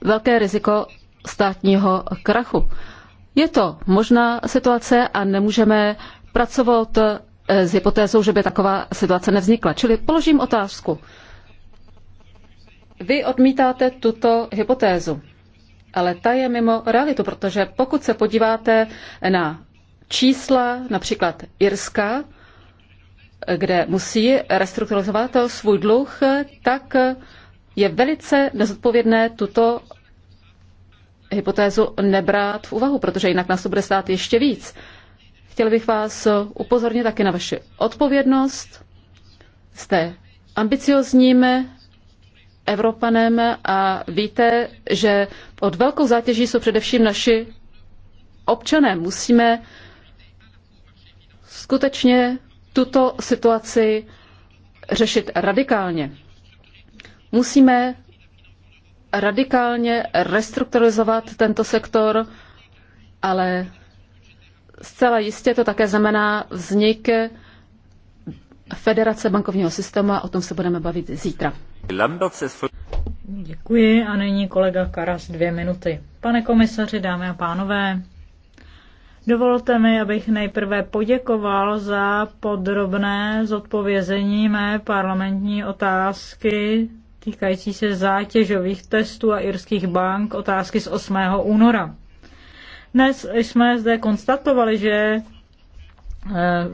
velké riziko státního krachu. Je to možná situace a nemůžeme pracovat eh, s hypotézou, že by taková situace nevznikla. Čili položím otázku. Vy odmítáte tuto hypotézu, ale ta je mimo realitu, protože pokud se podíváte na čísla například Irska, kde musí restrukturalizovat svůj dluh, tak je velice nezodpovědné tuto hypotézu nebrát v úvahu, protože jinak nás to bude stát ještě víc. Chtěl bych vás upozornit také na vaši odpovědnost. Jste ambiciozním Evropanem a víte, že od velkou zátěží jsou především naši občané. Musíme skutečně tuto situaci řešit radikálně. Musíme radikálně restrukturalizovat tento sektor, ale zcela jistě to také znamená vznik Federace bankovního systému a o tom se budeme bavit zítra. Děkuji a nyní kolega Karas dvě minuty. Pane komisaři, dámy a pánové, dovolte mi, abych nejprve poděkoval za podrobné zodpovězení mé parlamentní otázky týkající se zátěžových testů a irských bank, otázky z 8. února. Dnes jsme zde konstatovali, že eh,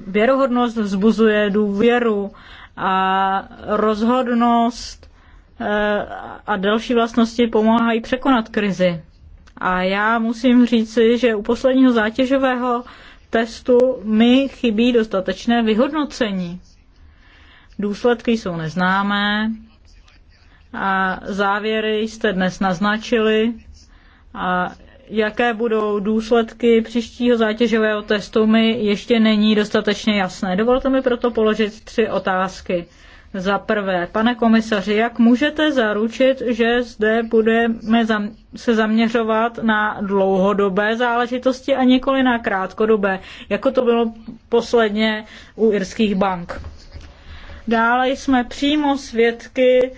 věrohodnost vzbuzuje důvěru a rozhodnost eh, a další vlastnosti pomáhají překonat krizi. A já musím říci, že u posledního zátěžového testu mi chybí dostatečné vyhodnocení. Důsledky jsou neznámé, a závěry jste dnes naznačili a jaké budou důsledky příštího zátěžového testu mi ještě není dostatečně jasné. Dovolte mi proto položit tři otázky. Za prvé, pane komisaři, jak můžete zaručit, že zde budeme se zaměřovat na dlouhodobé záležitosti a nikoli na krátkodobé, jako to bylo posledně u irských bank? Dále jsme přímo svědky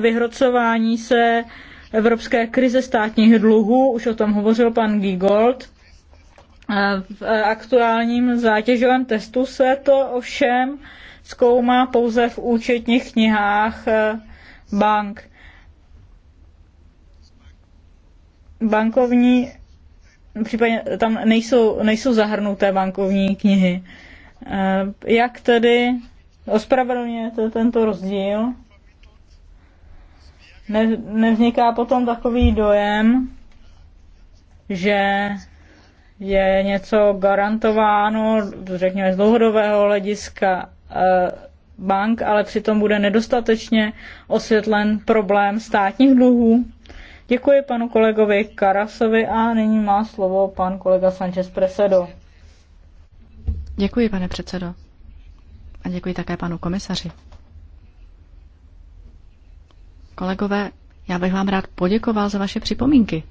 vyhrocování se evropské krize státních dluhů, už o tom hovořil pan Gigold. V aktuálním zátěžovém testu se to ovšem zkoumá pouze v účetních knihách eh, bank. Bankovní, případně tam nejsou, nejsou zahrnuté bankovní knihy. Eh, jak tedy ospravedlňujete tento rozdíl? Ne, nevzniká potom takový dojem, že je něco garantováno, řekněme, z dlouhodobého hlediska eh, bank, ale přitom bude nedostatečně osvětlen problém státních dluhů. Děkuji panu kolegovi Karasovi a nyní má slovo pan kolega Sanchez Presedo. Děkuji, pane předsedo. A děkuji také panu komisaři. Kolegové, já bych vám rád poděkoval za vaše připomínky.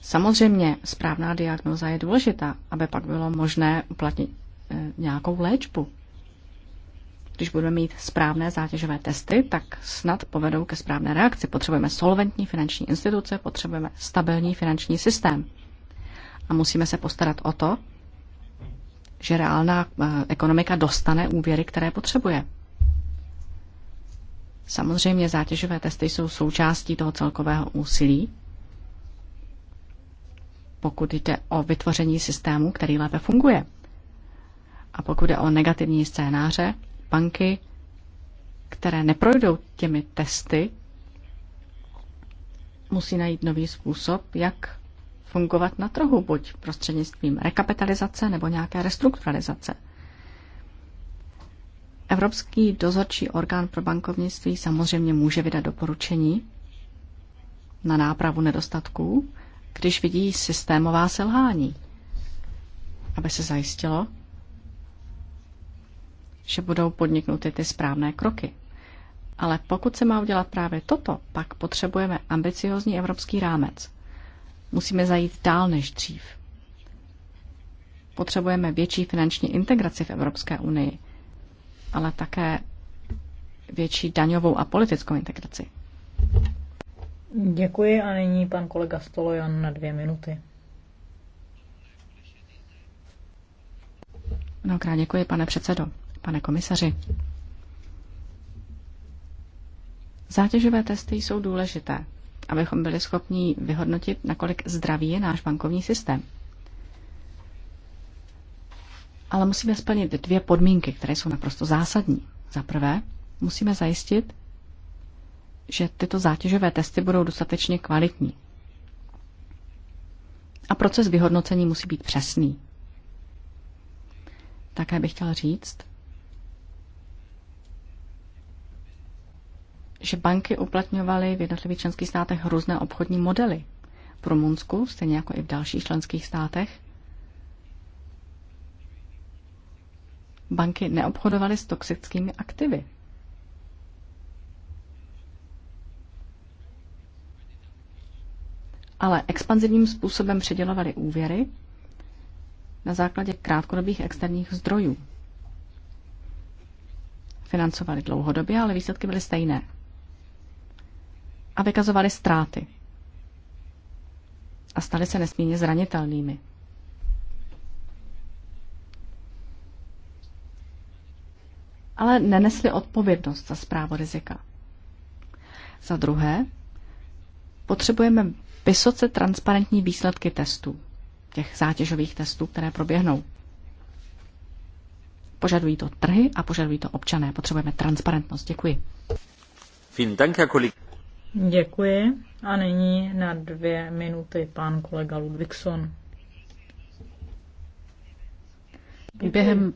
Samozřejmě správná diagnoza je důležitá, aby pak bylo možné uplatnit eh, nějakou léčbu. Když budeme mít správné zátěžové testy, tak snad povedou ke správné reakci. Potřebujeme solventní finanční instituce, potřebujeme stabilní finanční systém. A musíme se postarat o to, že reálná eh, ekonomika dostane úvěry, které potřebuje. Samozřejmě zátěžové testy jsou součástí toho celkového úsilí, pokud jde o vytvoření systému, který lépe funguje. A pokud jde o negativní scénáře, banky, které neprojdou těmi testy, musí najít nový způsob, jak fungovat na trhu, buď prostřednictvím rekapitalizace nebo nějaké restrukturalizace. Evropský dozorčí orgán pro bankovnictví samozřejmě může vydat doporučení na nápravu nedostatků, když vidí systémová selhání, aby se zajistilo, že budou podniknuty ty správné kroky. Ale pokud se má udělat právě toto, pak potřebujeme ambiciozní evropský rámec – Musíme zajít dál než dřív. Potřebujeme větší finanční integraci v Evropské unii, ale také větší daňovou a politickou integraci. Děkuji a nyní pan kolega Stolojan na dvě minuty. Mnohokrát děkuji, pane předsedo, pane komisaři. Zátěžové testy jsou důležité, abychom byli schopni vyhodnotit, nakolik zdravý je náš bankovní systém. Ale musíme splnit dvě podmínky, které jsou naprosto zásadní. Za prvé, musíme zajistit, že tyto zátěžové testy budou dostatečně kvalitní. A proces vyhodnocení musí být přesný. Také bych chtěl říct, že banky uplatňovaly v jednotlivých členských státech různé obchodní modely. V Rumunsku, stejně jako i v dalších členských státech, banky neobchodovaly s toxickými aktivy. Ale expanzivním způsobem předělovaly úvěry na základě krátkodobých externích zdrojů. Financovali dlouhodobě, ale výsledky byly stejné a vykazovali ztráty. A stali se nesmírně zranitelnými. Ale nenesli odpovědnost za zprávu rizika. Za druhé, potřebujeme vysoce transparentní výsledky testů, těch zátěžových testů, které proběhnou. Požadují to trhy a požadují to občané. Potřebujeme transparentnost. Děkuji. Děkuji. A nyní na dvě minuty pan kolega Ludvíkson. Během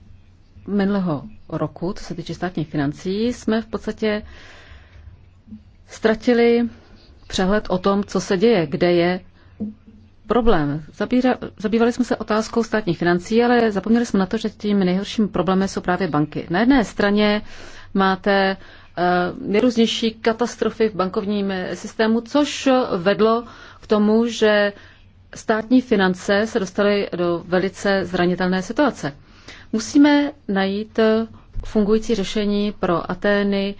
minulého roku, co se týče státních financí, jsme v podstatě ztratili přehled o tom, co se děje, kde je problém. Zabíra, zabývali jsme se otázkou státních financí, ale zapomněli jsme na to, že tím nejhorším problémem jsou právě banky. Na jedné straně máte uh, Eh, nejrůznější katastrofy v bankovním systému, což vedlo k tomu, že státní finance se dostaly do velice zranitelné situace. Musíme najít fungující řešení pro Atény,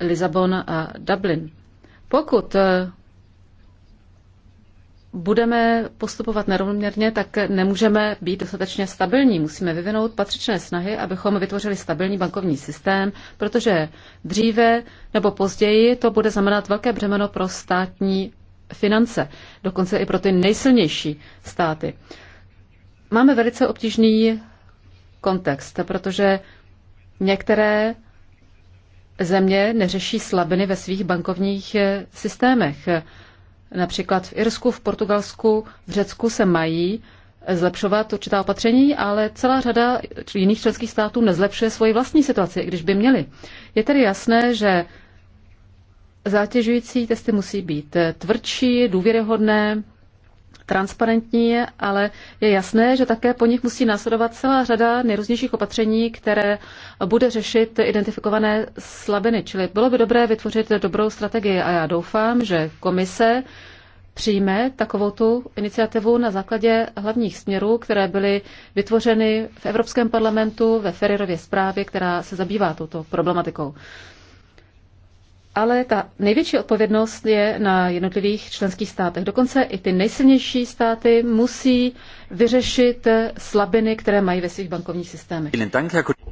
Lisabon a Dublin. Pokud budeme postupovat nerovnoměrně, tak nemůžeme být dostatečně stabilní. Musíme vyvinout patřičné snahy, abychom vytvořili stabilní bankovní systém, protože dříve nebo později to bude znamenat velké břemeno pro státní finance, dokonce i pro ty nejsilnější státy. Máme velice obtížný kontext, protože některé země neřeší slabiny ve svých bankovních systémech. Například v Irsku, v Portugalsku, v Řecku se mají zlepšovat určitá opatření, ale celá řada jiných členských států nezlepšuje svoji vlastní situaci, když by měli. Je tedy jasné, že zátěžující testy musí být tvrdší, důvěryhodné, transparentní, ale je jasné, že také po nich musí následovat celá řada nejrůznějších opatření, které bude řešit identifikované slabiny. Čili bylo by dobré vytvořit dobrou strategii a já doufám, že komise přijme takovou tu iniciativu na základě hlavních směrů, které byly vytvořeny v Evropském parlamentu ve Ferrerově zprávě, která se zabývá touto problematikou ale ta největší odpovědnost je na jednotlivých členských státech. Dokonce i ty nejsilnější státy musí vyřešit slabiny, které mají ve svých bankovních systémech.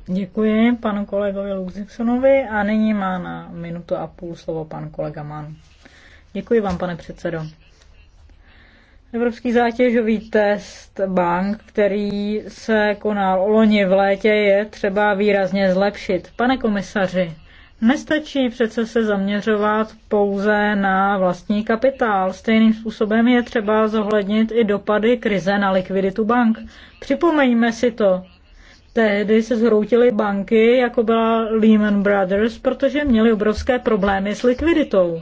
Děkuji panu kolegovi Luxixonovi a nyní má na minutu a půl slovo pan kolega Mann. Děkuji vám, pane předsedo. Evropský zátěžový test bank, který se konal loni v létě, je třeba výrazně zlepšit. Pane komisaři, Nestačí přece se zaměřovat pouze na vlastní kapitál. Stejným způsobem je třeba zohlednit i dopady krize na likviditu bank. Připomeňme si to. Tehdy se zhroutily banky, jako byla Lehman Brothers, protože měly obrovské problémy s likviditou.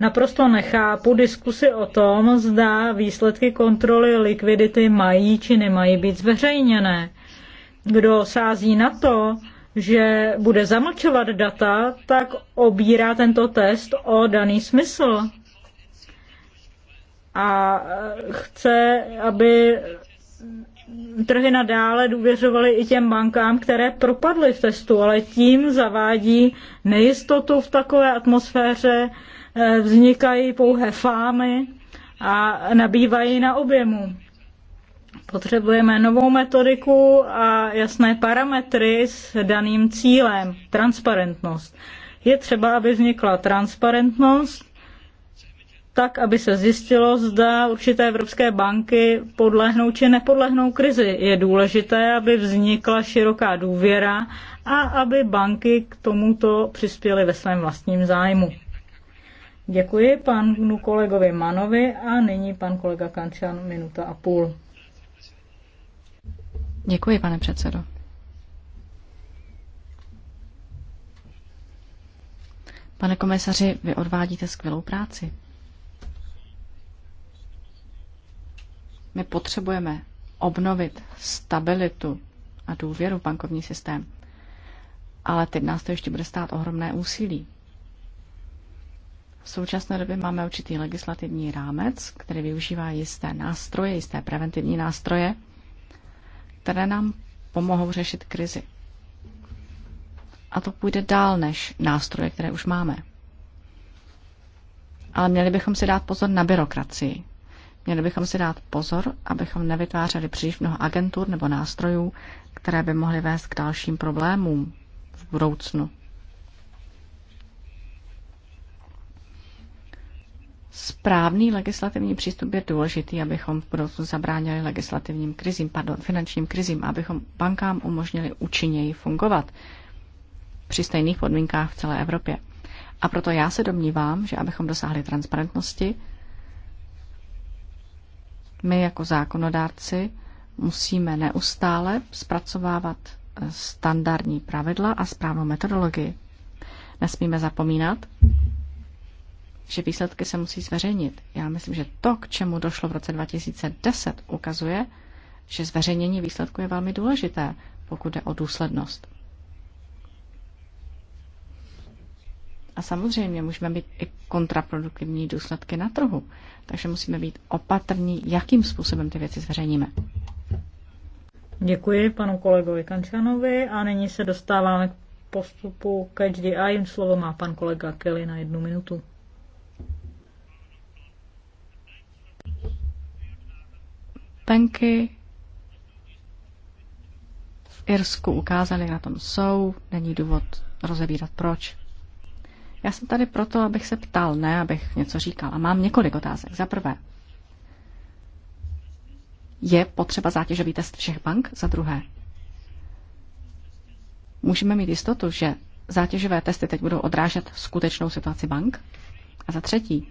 Naprosto nechápu diskusy o tom, zda výsledky kontroly likvidity mají či nemají být zveřejněné. Kdo sází na to, že bude zamlčovat data, tak obírá tento test o daný smysl. A e, chce, aby trhy nadále důvěřovaly i těm bankám, které propadly v testu, ale tím zavádí nejistotu v takové atmosféře, e, vznikají pouhé fámy a nabývají na objemu. Potřebujeme novou metodiku a jasné parametry s daným cílem, transparentnost. Je třeba, aby vznikla transparentnost, tak, aby se zjistilo, zda určité evropské banky podlehnou či nepodlehnou krizi. Je důležité, aby vznikla široká důvěra a aby banky k tomuto přispěly ve svém vlastním zájmu. Děkuji panu kolegovi Manovi a nyní pan kolega Kančan minuta a půl. Děkuji, pane předsedo. Pane komisaři, vy odvádíte skvělou práci. My potřebujeme obnovit stabilitu a důvěru v bankovní systém. Ale teď nás to ještě bude stát ohromné úsilí. V současné době máme určitý legislativní rámec, který využívá jisté nástroje, jisté preventivní nástroje, které nám pomohou řešit krizi. A to půjde dál než nástroje, které už máme. Ale měli bychom si dát pozor na byrokracii. Měli bychom si dát pozor, abychom nevytvářeli příliš mnoho agentur nebo nástrojů, které by mohly vést k dalším problémům v budoucnu. Správný legislativní přístup je důležitý, abychom v budoucnu zabránili legislativním krizím, pardon, finančním krizím, abychom bankám umožnili účinněji fungovat při stejných podmínkách v celé Evropě. A proto já se domnívám, že abychom dosáhli transparentnosti, my jako zákonodárci musíme neustále zpracovávat standardní pravidla a správnou metodologii. Nesmíme zapomínat, že výsledky se musí zveřejnit. Já myslím, že to, k čemu došlo v roce 2010, ukazuje, že zveřejnění výsledku je velmi důležité, pokud jde o důslednost. A samozřejmě můžeme mít i kontraproduktivní důsledky na trhu, takže musíme být opatrní, jakým způsobem ty věci zveřejníme. Děkuji panu kolegovi Kančanovi a nyní se dostáváme k postupu Catch the Eye. Slovo má pan kolega Kelly na jednu minutu. vstupenky v Irsku ukázali, na tom jsou, není důvod rozebírat proč. Já jsem tady proto, abych se ptal, ne abych něco říkal. A mám několik otázek. Za prvé, je potřeba zátěžový test všech bank? Za druhé, můžeme mít jistotu, že zátěžové testy teď budou odrážet skutečnou situaci bank? A za třetí,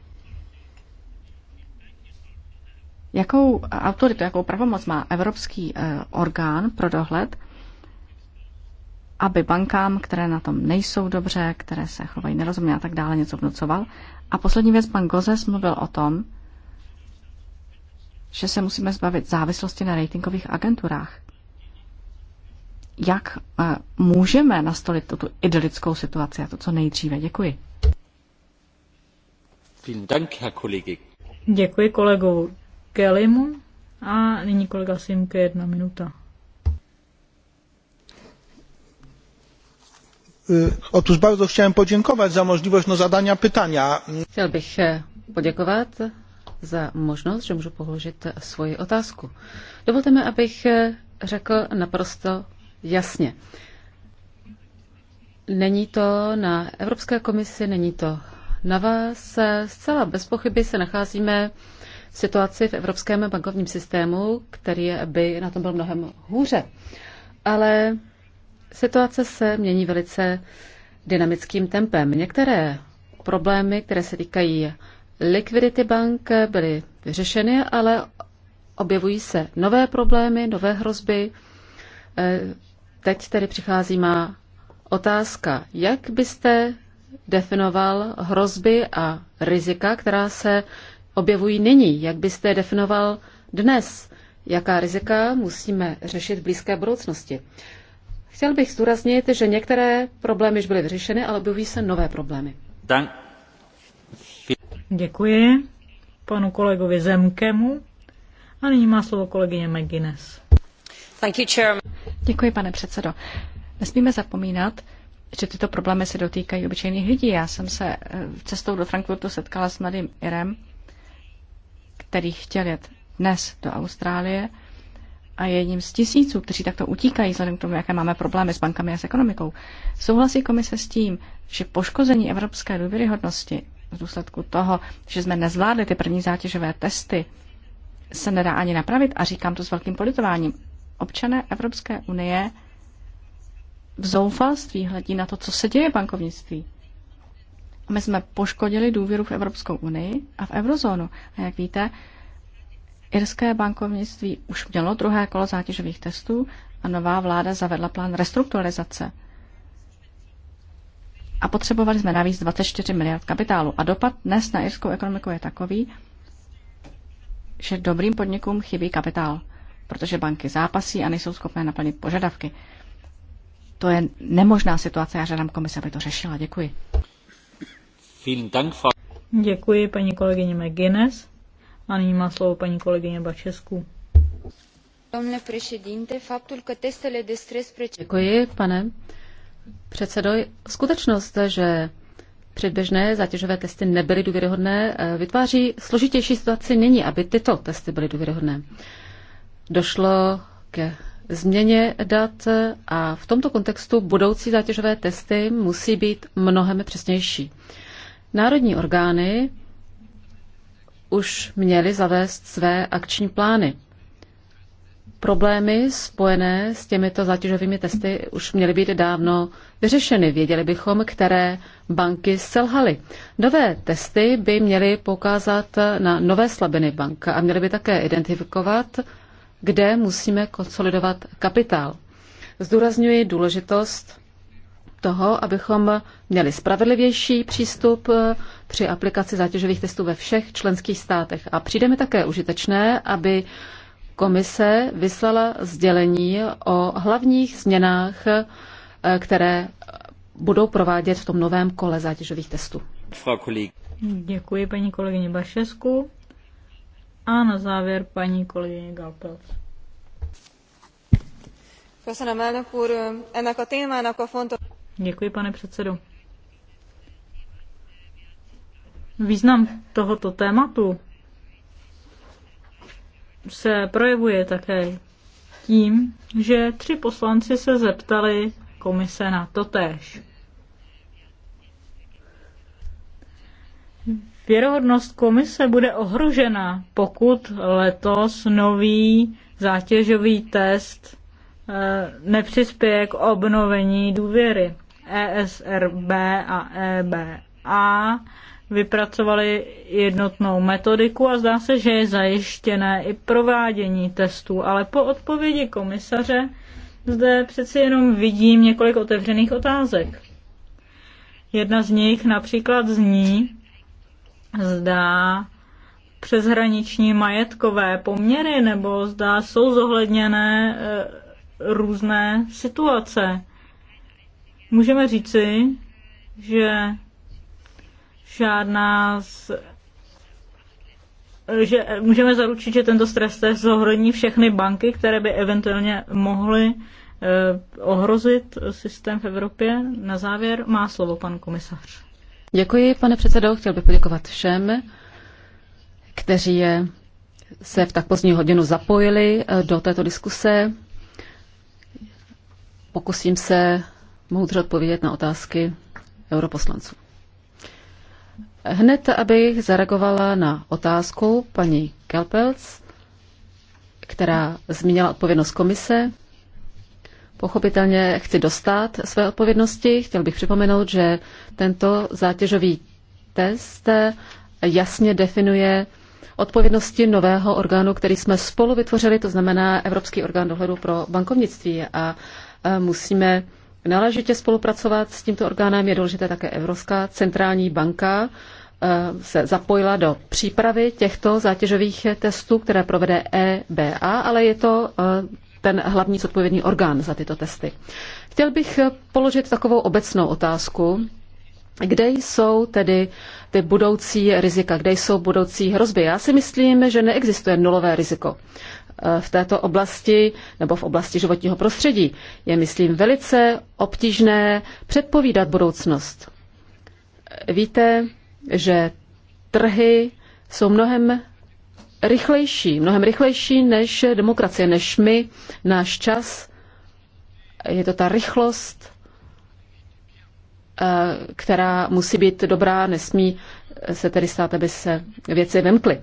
Jakou autoritu, jakou pravomoc má Evropský eh, orgán pro dohled, aby bankám, které na tom nejsou dobře, které se chovají nerozumně a tak dále, něco vnucoval. A poslední věc, pan Gozes mluvil o tom, že se musíme zbavit závislosti na ratingových agenturách. Jak eh, můžeme nastolit tu idylickou situaci a to co nejdříve? Děkuji. Děkuji kolegu Kelimu a nyní kolega Simke jedna minuta. Otóż bardzo chciałem podziękować za możliwość no, zadania pytania. Chtěl bych e, poděkovat za možnost, že můžu położyć swoje otázku. Dovolte mi, abych e, řekl naprosto jasně. Není to na Evropské komisi, není to na vás. Zcela bez pochyby se nacházíme situaci v evropském bankovním systému, který by na tom byl mnohem hůře. Ale situace se mění velice dynamickým tempem. Některé problémy, které se týkají likvidity bank, byly vyřešeny, ale objevují se nové problémy, nové hrozby. Eh, teď tedy přichází má otázka, jak byste definoval hrozby a rizika, která se objevují nyní? Jak byste je definoval dnes? Jaká rizika musíme řešit v blízké budoucnosti? Chtěl bych zdůraznit, že některé problémy již byly vyřešeny, ale objevují se nové problémy. Dank. Děkuji panu kolegovi Zemkemu. A nyní má slovo kolegyně McGuinness. Thank you, chairman. Děkuji, pane předsedo. Nesmíme zapomínat, že tyto problémy se dotýkají obyčejných lidí. Já jsem se eh, cestou do Frankfurtu setkala s mladým Irem, který chtěl jet dnes do Austrálie a je jedním z tisíců, kteří takto utíkají vzhledem k tomu, jaké máme problémy s bankami a s ekonomikou. Souhlasí komise s tím, že poškození evropské důvěryhodnosti v důsledku toho, že jsme nezvládli ty první zátěžové testy, se nedá ani napravit a říkám to s velkým politováním. Občané Evropské unie v zoufalství hledí na to, co se děje v bankovnictví. My jsme poškodili důvěru v Evropskou unii a v eurozónu. A jak víte, irské bankovnictví už mělo druhé kolo zátěžových testů a nová vláda zavedla plán restrukturalizace. A potřebovali jsme navíc 24 miliard kapitálu. A dopad dnes na irskou ekonomiku je takový, že dobrým podnikům chybí kapitál, protože banky zápasí a nejsou schopné naplnit požadavky. To je nemožná situace. Já žádám komise, aby to řešila. Děkuji. Děkuji paní kolegyně McGuinness a nyní má slovo paní kolegyně Bačesku. Děkuji, pane předsedo. Skutečnost, že předběžné zátěžové testy nebyly důvěryhodné, eh, vytváří složitější situaci nyní, aby tyto testy byly důvěryhodné. Došlo ke změně dat a v tomto kontextu budoucí zátěžové testy musí být mnohem přesnější. Národní orgány už měly zavést své akční plány. Problémy spojené s těmito zátěžovými testy už měly být dávno vyřešeny. Věděli bychom, které banky selhaly. Nové testy by měly poukázat na nové slabiny bank a měly by také identifikovat, kde musíme konsolidovat kapitál. Zdůrazňuji důležitost toho, abychom měli spravedlivější přístup eh, při aplikaci zátěžových testů ve všech členských státech. A přijde mi také užitečné, aby komise vyslala sdělení o hlavních změnách, eh, které budou provádět v tom novém kole zátěžových testů. Děkuji paní kolegyně Bašesku. A na závěr paní kolegyně Galpelc. Köszönöm, elnök úr. Ennek a témának a fontos... Děkuji, pane předsedo. Význam tohoto tématu se projevuje také tím, že tři poslanci se zeptali komise na totéž. Věrohodnost komise bude ohrožena, pokud letos nový zátěžový test eh, nepřispěje k obnovení důvěry. ESRB a EBA vypracovali jednotnou metodiku a zdá se, že je zajištěné i provádění testů, ale po odpovědi komisaře zde přeci jenom vidím několik otevřených otázek. Jedna z nich například zní, zdá přeshraniční majetkové poměry nebo zdá jsou zohledněné e, různé situace. Můžeme říci, že žádná z že můžeme zaručit, že tento stres test zohrodní všechny banky, které by eventuálně mohly eh, ohrozit systém v Evropě. Na závěr má slovo pan komisař. Děkuji, pane předsedo. Chtěl bych poděkovat všem, kteří se v tak pozdní hodinu zapojili eh, do této diskuse. Pokusím se moudře odpovědět na otázky europoslanců. Hned, abych zareagovala na otázku paní Kelpels, která zmínila odpovědnost komise. Pochopitelně chci dostat své odpovědnosti. Chtěl bych připomenout, že tento zátěžový test jasně definuje odpovědnosti nového orgánu, který jsme spolu vytvořili, to znamená Evropský orgán dohledu pro bankovnictví. A musíme náležitě spolupracovat s tímto orgánem. Je důležité také Evropská centrální banka eh, se zapojila do přípravy těchto zátěžových testů, které provede EBA, ale je to eh, ten hlavní zodpovědný orgán za tyto testy. Chtěl bych eh, položit takovou obecnou otázku. Kde jsou tedy ty budoucí rizika, kde jsou budoucí hrozby? Já si myslím, že neexistuje nulové riziko. Eh, v této oblasti nebo v oblasti životního prostředí. Je, myslím, velice obtížné předpovídat budoucnost. Víte, že trhy jsou mnohem rychlejší, mnohem rychlejší než demokracie, než my, náš čas. Je to ta rychlost, eh, která musí být dobrá, nesmí se tedy stát, aby se věci vymkly.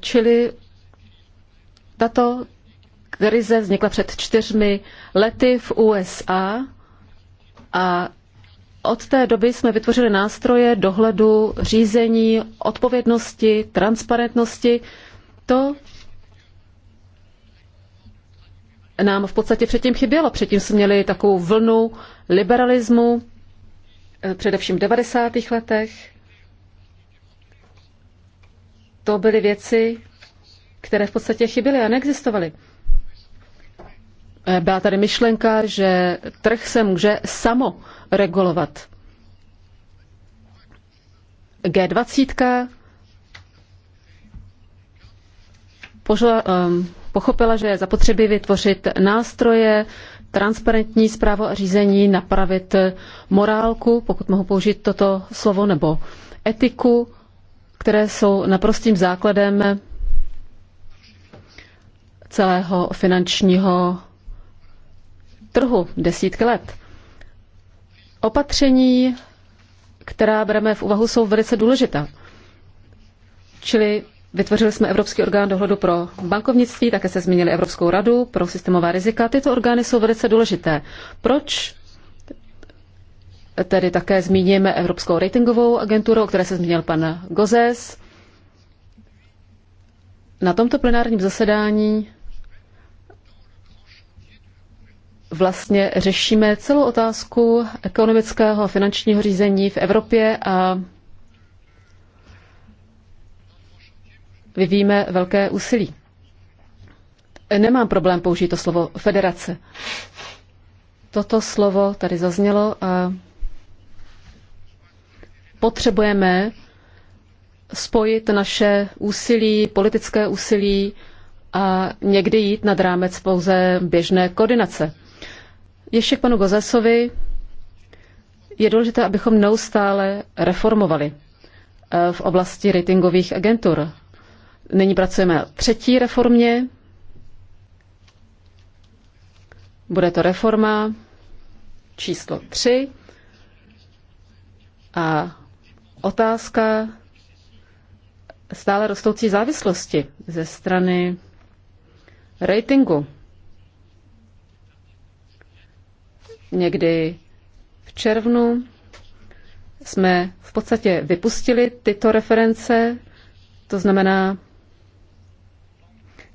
Čili tato krize vznikla před čtyřmi lety v USA a od té doby jsme vytvořili nástroje dohledu, řízení, odpovědnosti, transparentnosti. To nám v podstatě předtím chybělo. Předtím jsme měli takovou vlnu liberalismu, především v 90. letech to byly věci, které v podstatě chyběly a neexistovaly. Eh, byla tady myšlenka, že trh se může samo regulovat. G20 ehm, pochopila, že je zapotřebí vytvořit nástroje, transparentní zprávo a řízení, napravit morálku, pokud mohu použít toto slovo, nebo etiku, které jsou naprostým základem celého finančního trhu desítky let. Opatření, která bereme v úvahu, jsou velice důležitá. Čili vytvořili jsme Evropský orgán dohledu pro bankovnictví, také se změnili Evropskou radu pro systémová rizika. Tyto orgány jsou velice důležité. Proč tedy také zmíním Evropskou ratingovou agenturu, o které se zmínil pan Gozes. Na tomto plenárním zasedání vlastně řešíme celou otázku ekonomického a finančního řízení v Evropě a vyvíjíme velké úsilí. Nemám problém použít to slovo federace. Toto slovo tady zaznělo a potřebujeme spojit naše úsilí, politické úsilí a někdy jít nad rámec pouze běžné koordinace. Ještě k panu Gozesovi. Je důležité, abychom neustále reformovali eh, v oblasti ratingových agentur. Nyní pracujeme na třetí reformě. Bude to reforma číslo tři a otázka stále rostoucí závislosti ze strany ratingu. Někdy v červnu jsme v podstatě vypustili tyto reference, to znamená,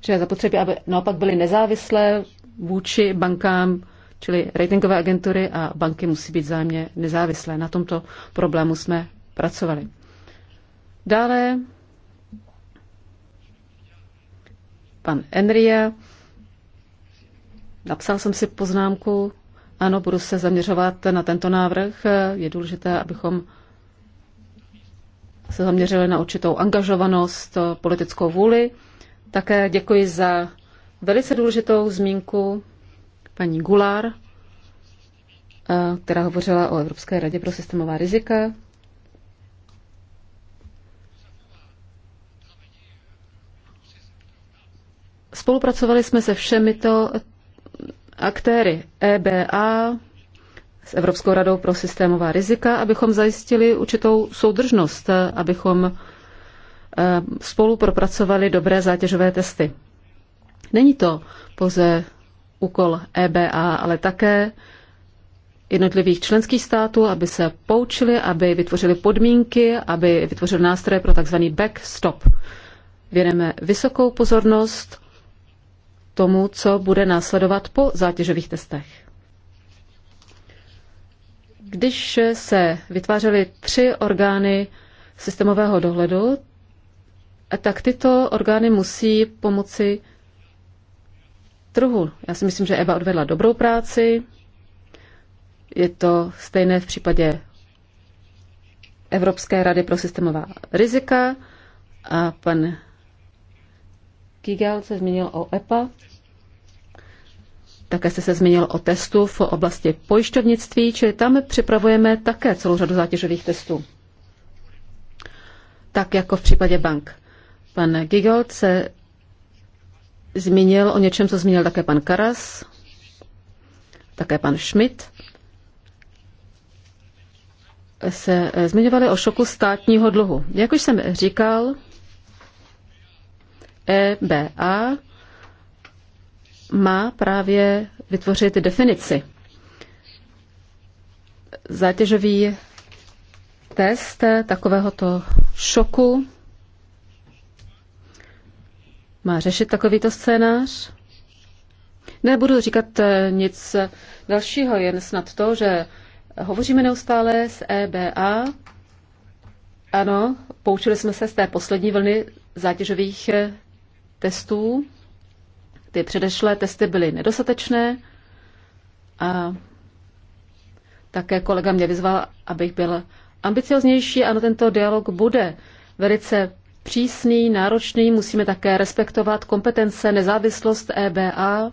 že je zapotřebí, aby naopak byly nezávislé vůči bankám, čili ratingové agentury a banky musí být zájemně nezávislé. Na tomto problému jsme pracovali. Dále pan Enria. Napsal jsem si poznámku. Ano, budu se zaměřovat na tento návrh. Je důležité, abychom se zaměřili na určitou angažovanost, politickou vůli. Také děkuji za velice důležitou zmínku paní Gulár, eh, která hovořila o Evropské radě pro systémová rizika. Spolupracovali jsme se všemi to aktéry EBA s Evropskou radou pro systémová rizika, abychom zajistili určitou soudržnost, abychom eh, spolu propracovali dobré zátěžové testy. Není to pouze úkol EBA, ale také jednotlivých členských států, aby se poučili, aby vytvořili podmínky, aby vytvořili nástroje pro tzv. backstop. Věneme vysokou pozornost tomu, co bude následovat po zátěžových testech. Když se vytvářely tři orgány systémového dohledu, tak tyto orgány musí pomoci trhu. Já si myslím, že EBA odvedla dobrou práci. Je to stejné v případě Evropské rady pro systémová rizika a pan Kigel se zmínil o EPA, také jste se zmínil o testu v oblasti pojišťovnictví, čili tam připravujeme také celou řadu zátěžových testů. Tak jako v případě bank. Pan Gigel se zmínil o něčem, co zmínil také pan Karas, také pan Schmidt. Se e, zmiňovali o šoku státního dluhu. Jak už jsem říkal, EBA má právě vytvořit definici. Zátěžový test takovéhoto šoku má řešit takovýto scénář. Nebudu říkat e, nic dalšího, jen snad to, že hovoříme neustále s EBA. Ano, poučili jsme se z té poslední vlny zátěžových e, testů. Ty předešlé testy byly nedostatečné a také kolega mě vyzval, abych byl ambicioznější. Ano, tento dialog bude velice přísný, náročný. Musíme také respektovat kompetence, nezávislost EBA.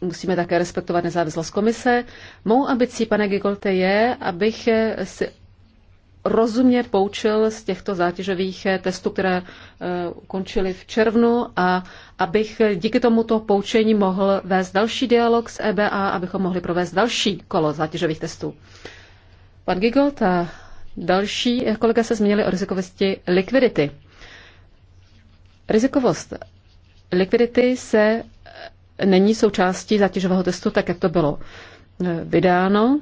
Musíme také respektovat nezávislost komise. Mou ambicí, pane Gigolte, je, abych si rozumně poučil z těchto zátěžových eh, testů, které eh, končily v červnu a abych eh, díky tomuto poučení mohl vést další dialog s EBA, abychom mohli provést další kolo zátěžových testů. Pan gigol, a další kolega se zmínili o rizikovosti likvidity. Rizikovost likvidity se není součástí zátěžového testu, tak jak to bylo vydáno.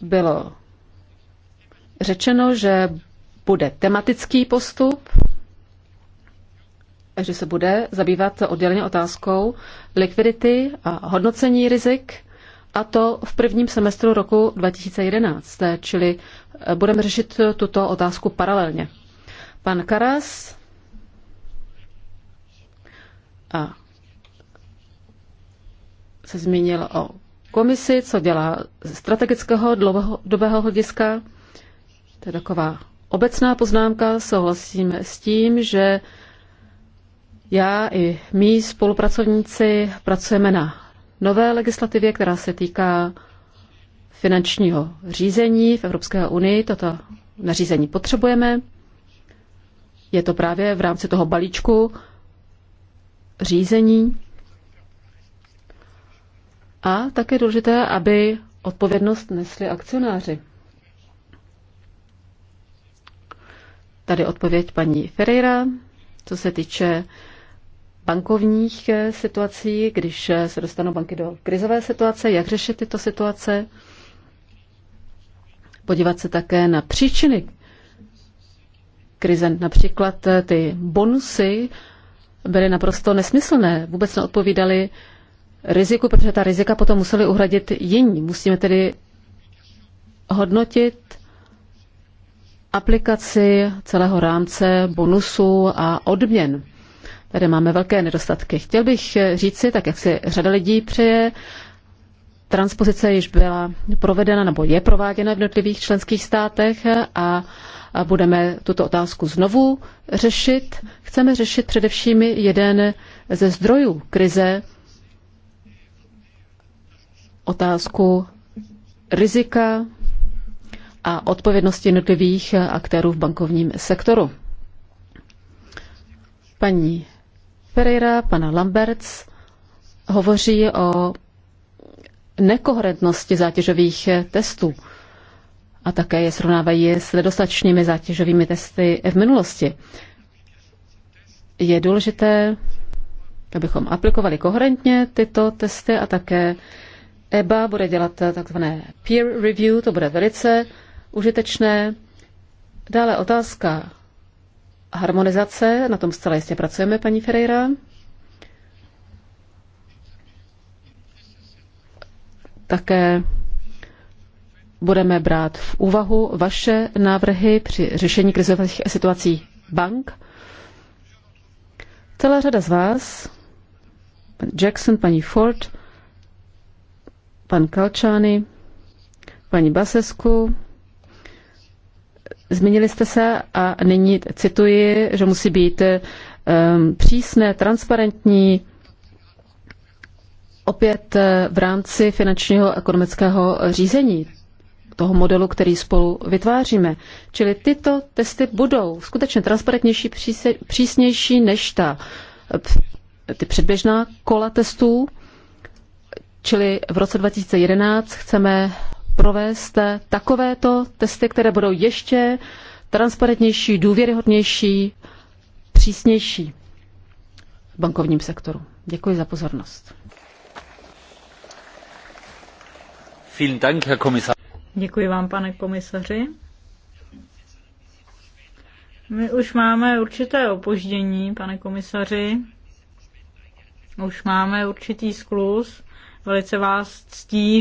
Bylo řečeno, že bude tematický postup, že se bude zabývat odděleně otázkou likvidity a hodnocení rizik, a to v prvním semestru roku 2011, čili eh, budeme řešit tuto otázku paralelně. Pan Karas a se zmínil o komisi, co dělá strategického dlouhodobého hlediska. To je taková obecná poznámka. Souhlasím s tím, že já i mý spolupracovníci pracujeme na nové legislativě, která se týká finančního řízení v Evropské unii. Toto nařízení potřebujeme. Je to právě v rámci toho balíčku řízení. A také důležité, aby odpovědnost nesli akcionáři. Tady odpověď paní Ferreira, co se týče bankovních eh, situací, když eh, se dostanou banky do krizové situace, jak řešit tyto situace, podívat se také na příčiny krize. Například eh, ty bonusy byly naprosto nesmyslné, vůbec neodpovídaly riziku, protože ta rizika potom museli uhradit jiní. Musíme tedy hodnotit aplikaci celého rámce bonusů a odměn. Tady máme velké nedostatky. Chtěl bych říci, tak jak si řada lidí přeje, transpozice již byla provedena nebo je prováděna v jednotlivých členských státech a budeme tuto otázku znovu řešit. Chceme řešit především jeden ze zdrojů krize, otázku rizika a odpovědnosti jednotlivých aktérů v bankovním sektoru. Paní Pereira, pana Lamberts hovoří o nekoherentnosti zátěžových testů a také je srovnávají s nedostačnými zátěžovými testy v minulosti. Je důležité, abychom aplikovali koherentně tyto testy a také EBA bude dělat takzvané peer review, to bude velice užitečné. Dále otázka harmonizace, na tom zcela jistě pracujeme, paní Ferreira. Také budeme brát v úvahu vaše návrhy při řešení krizových situací bank. Celá řada z vás, pan Jackson, paní Ford, pan Kalčány, paní Basesku, Zmínili jste se a nyní cituji, že musí být ehm, přísné, transparentní, opět eh, v rámci finančního a ekonomického řízení toho modelu, který spolu vytváříme. Čili tyto testy budou skutečně transparentnější, přísnější než ta, eh, ty předběžná kola testů. Čili v roce 2011 chceme provést takovéto testy, které budou ještě transparentnější, důvěryhodnější, přísnější v bankovním sektoru. Děkuji za pozornost. Děkuji vám, pane komisaři. My už máme určité opoždění, pane komisaři. Už máme určitý sklus. Velice vás ctí,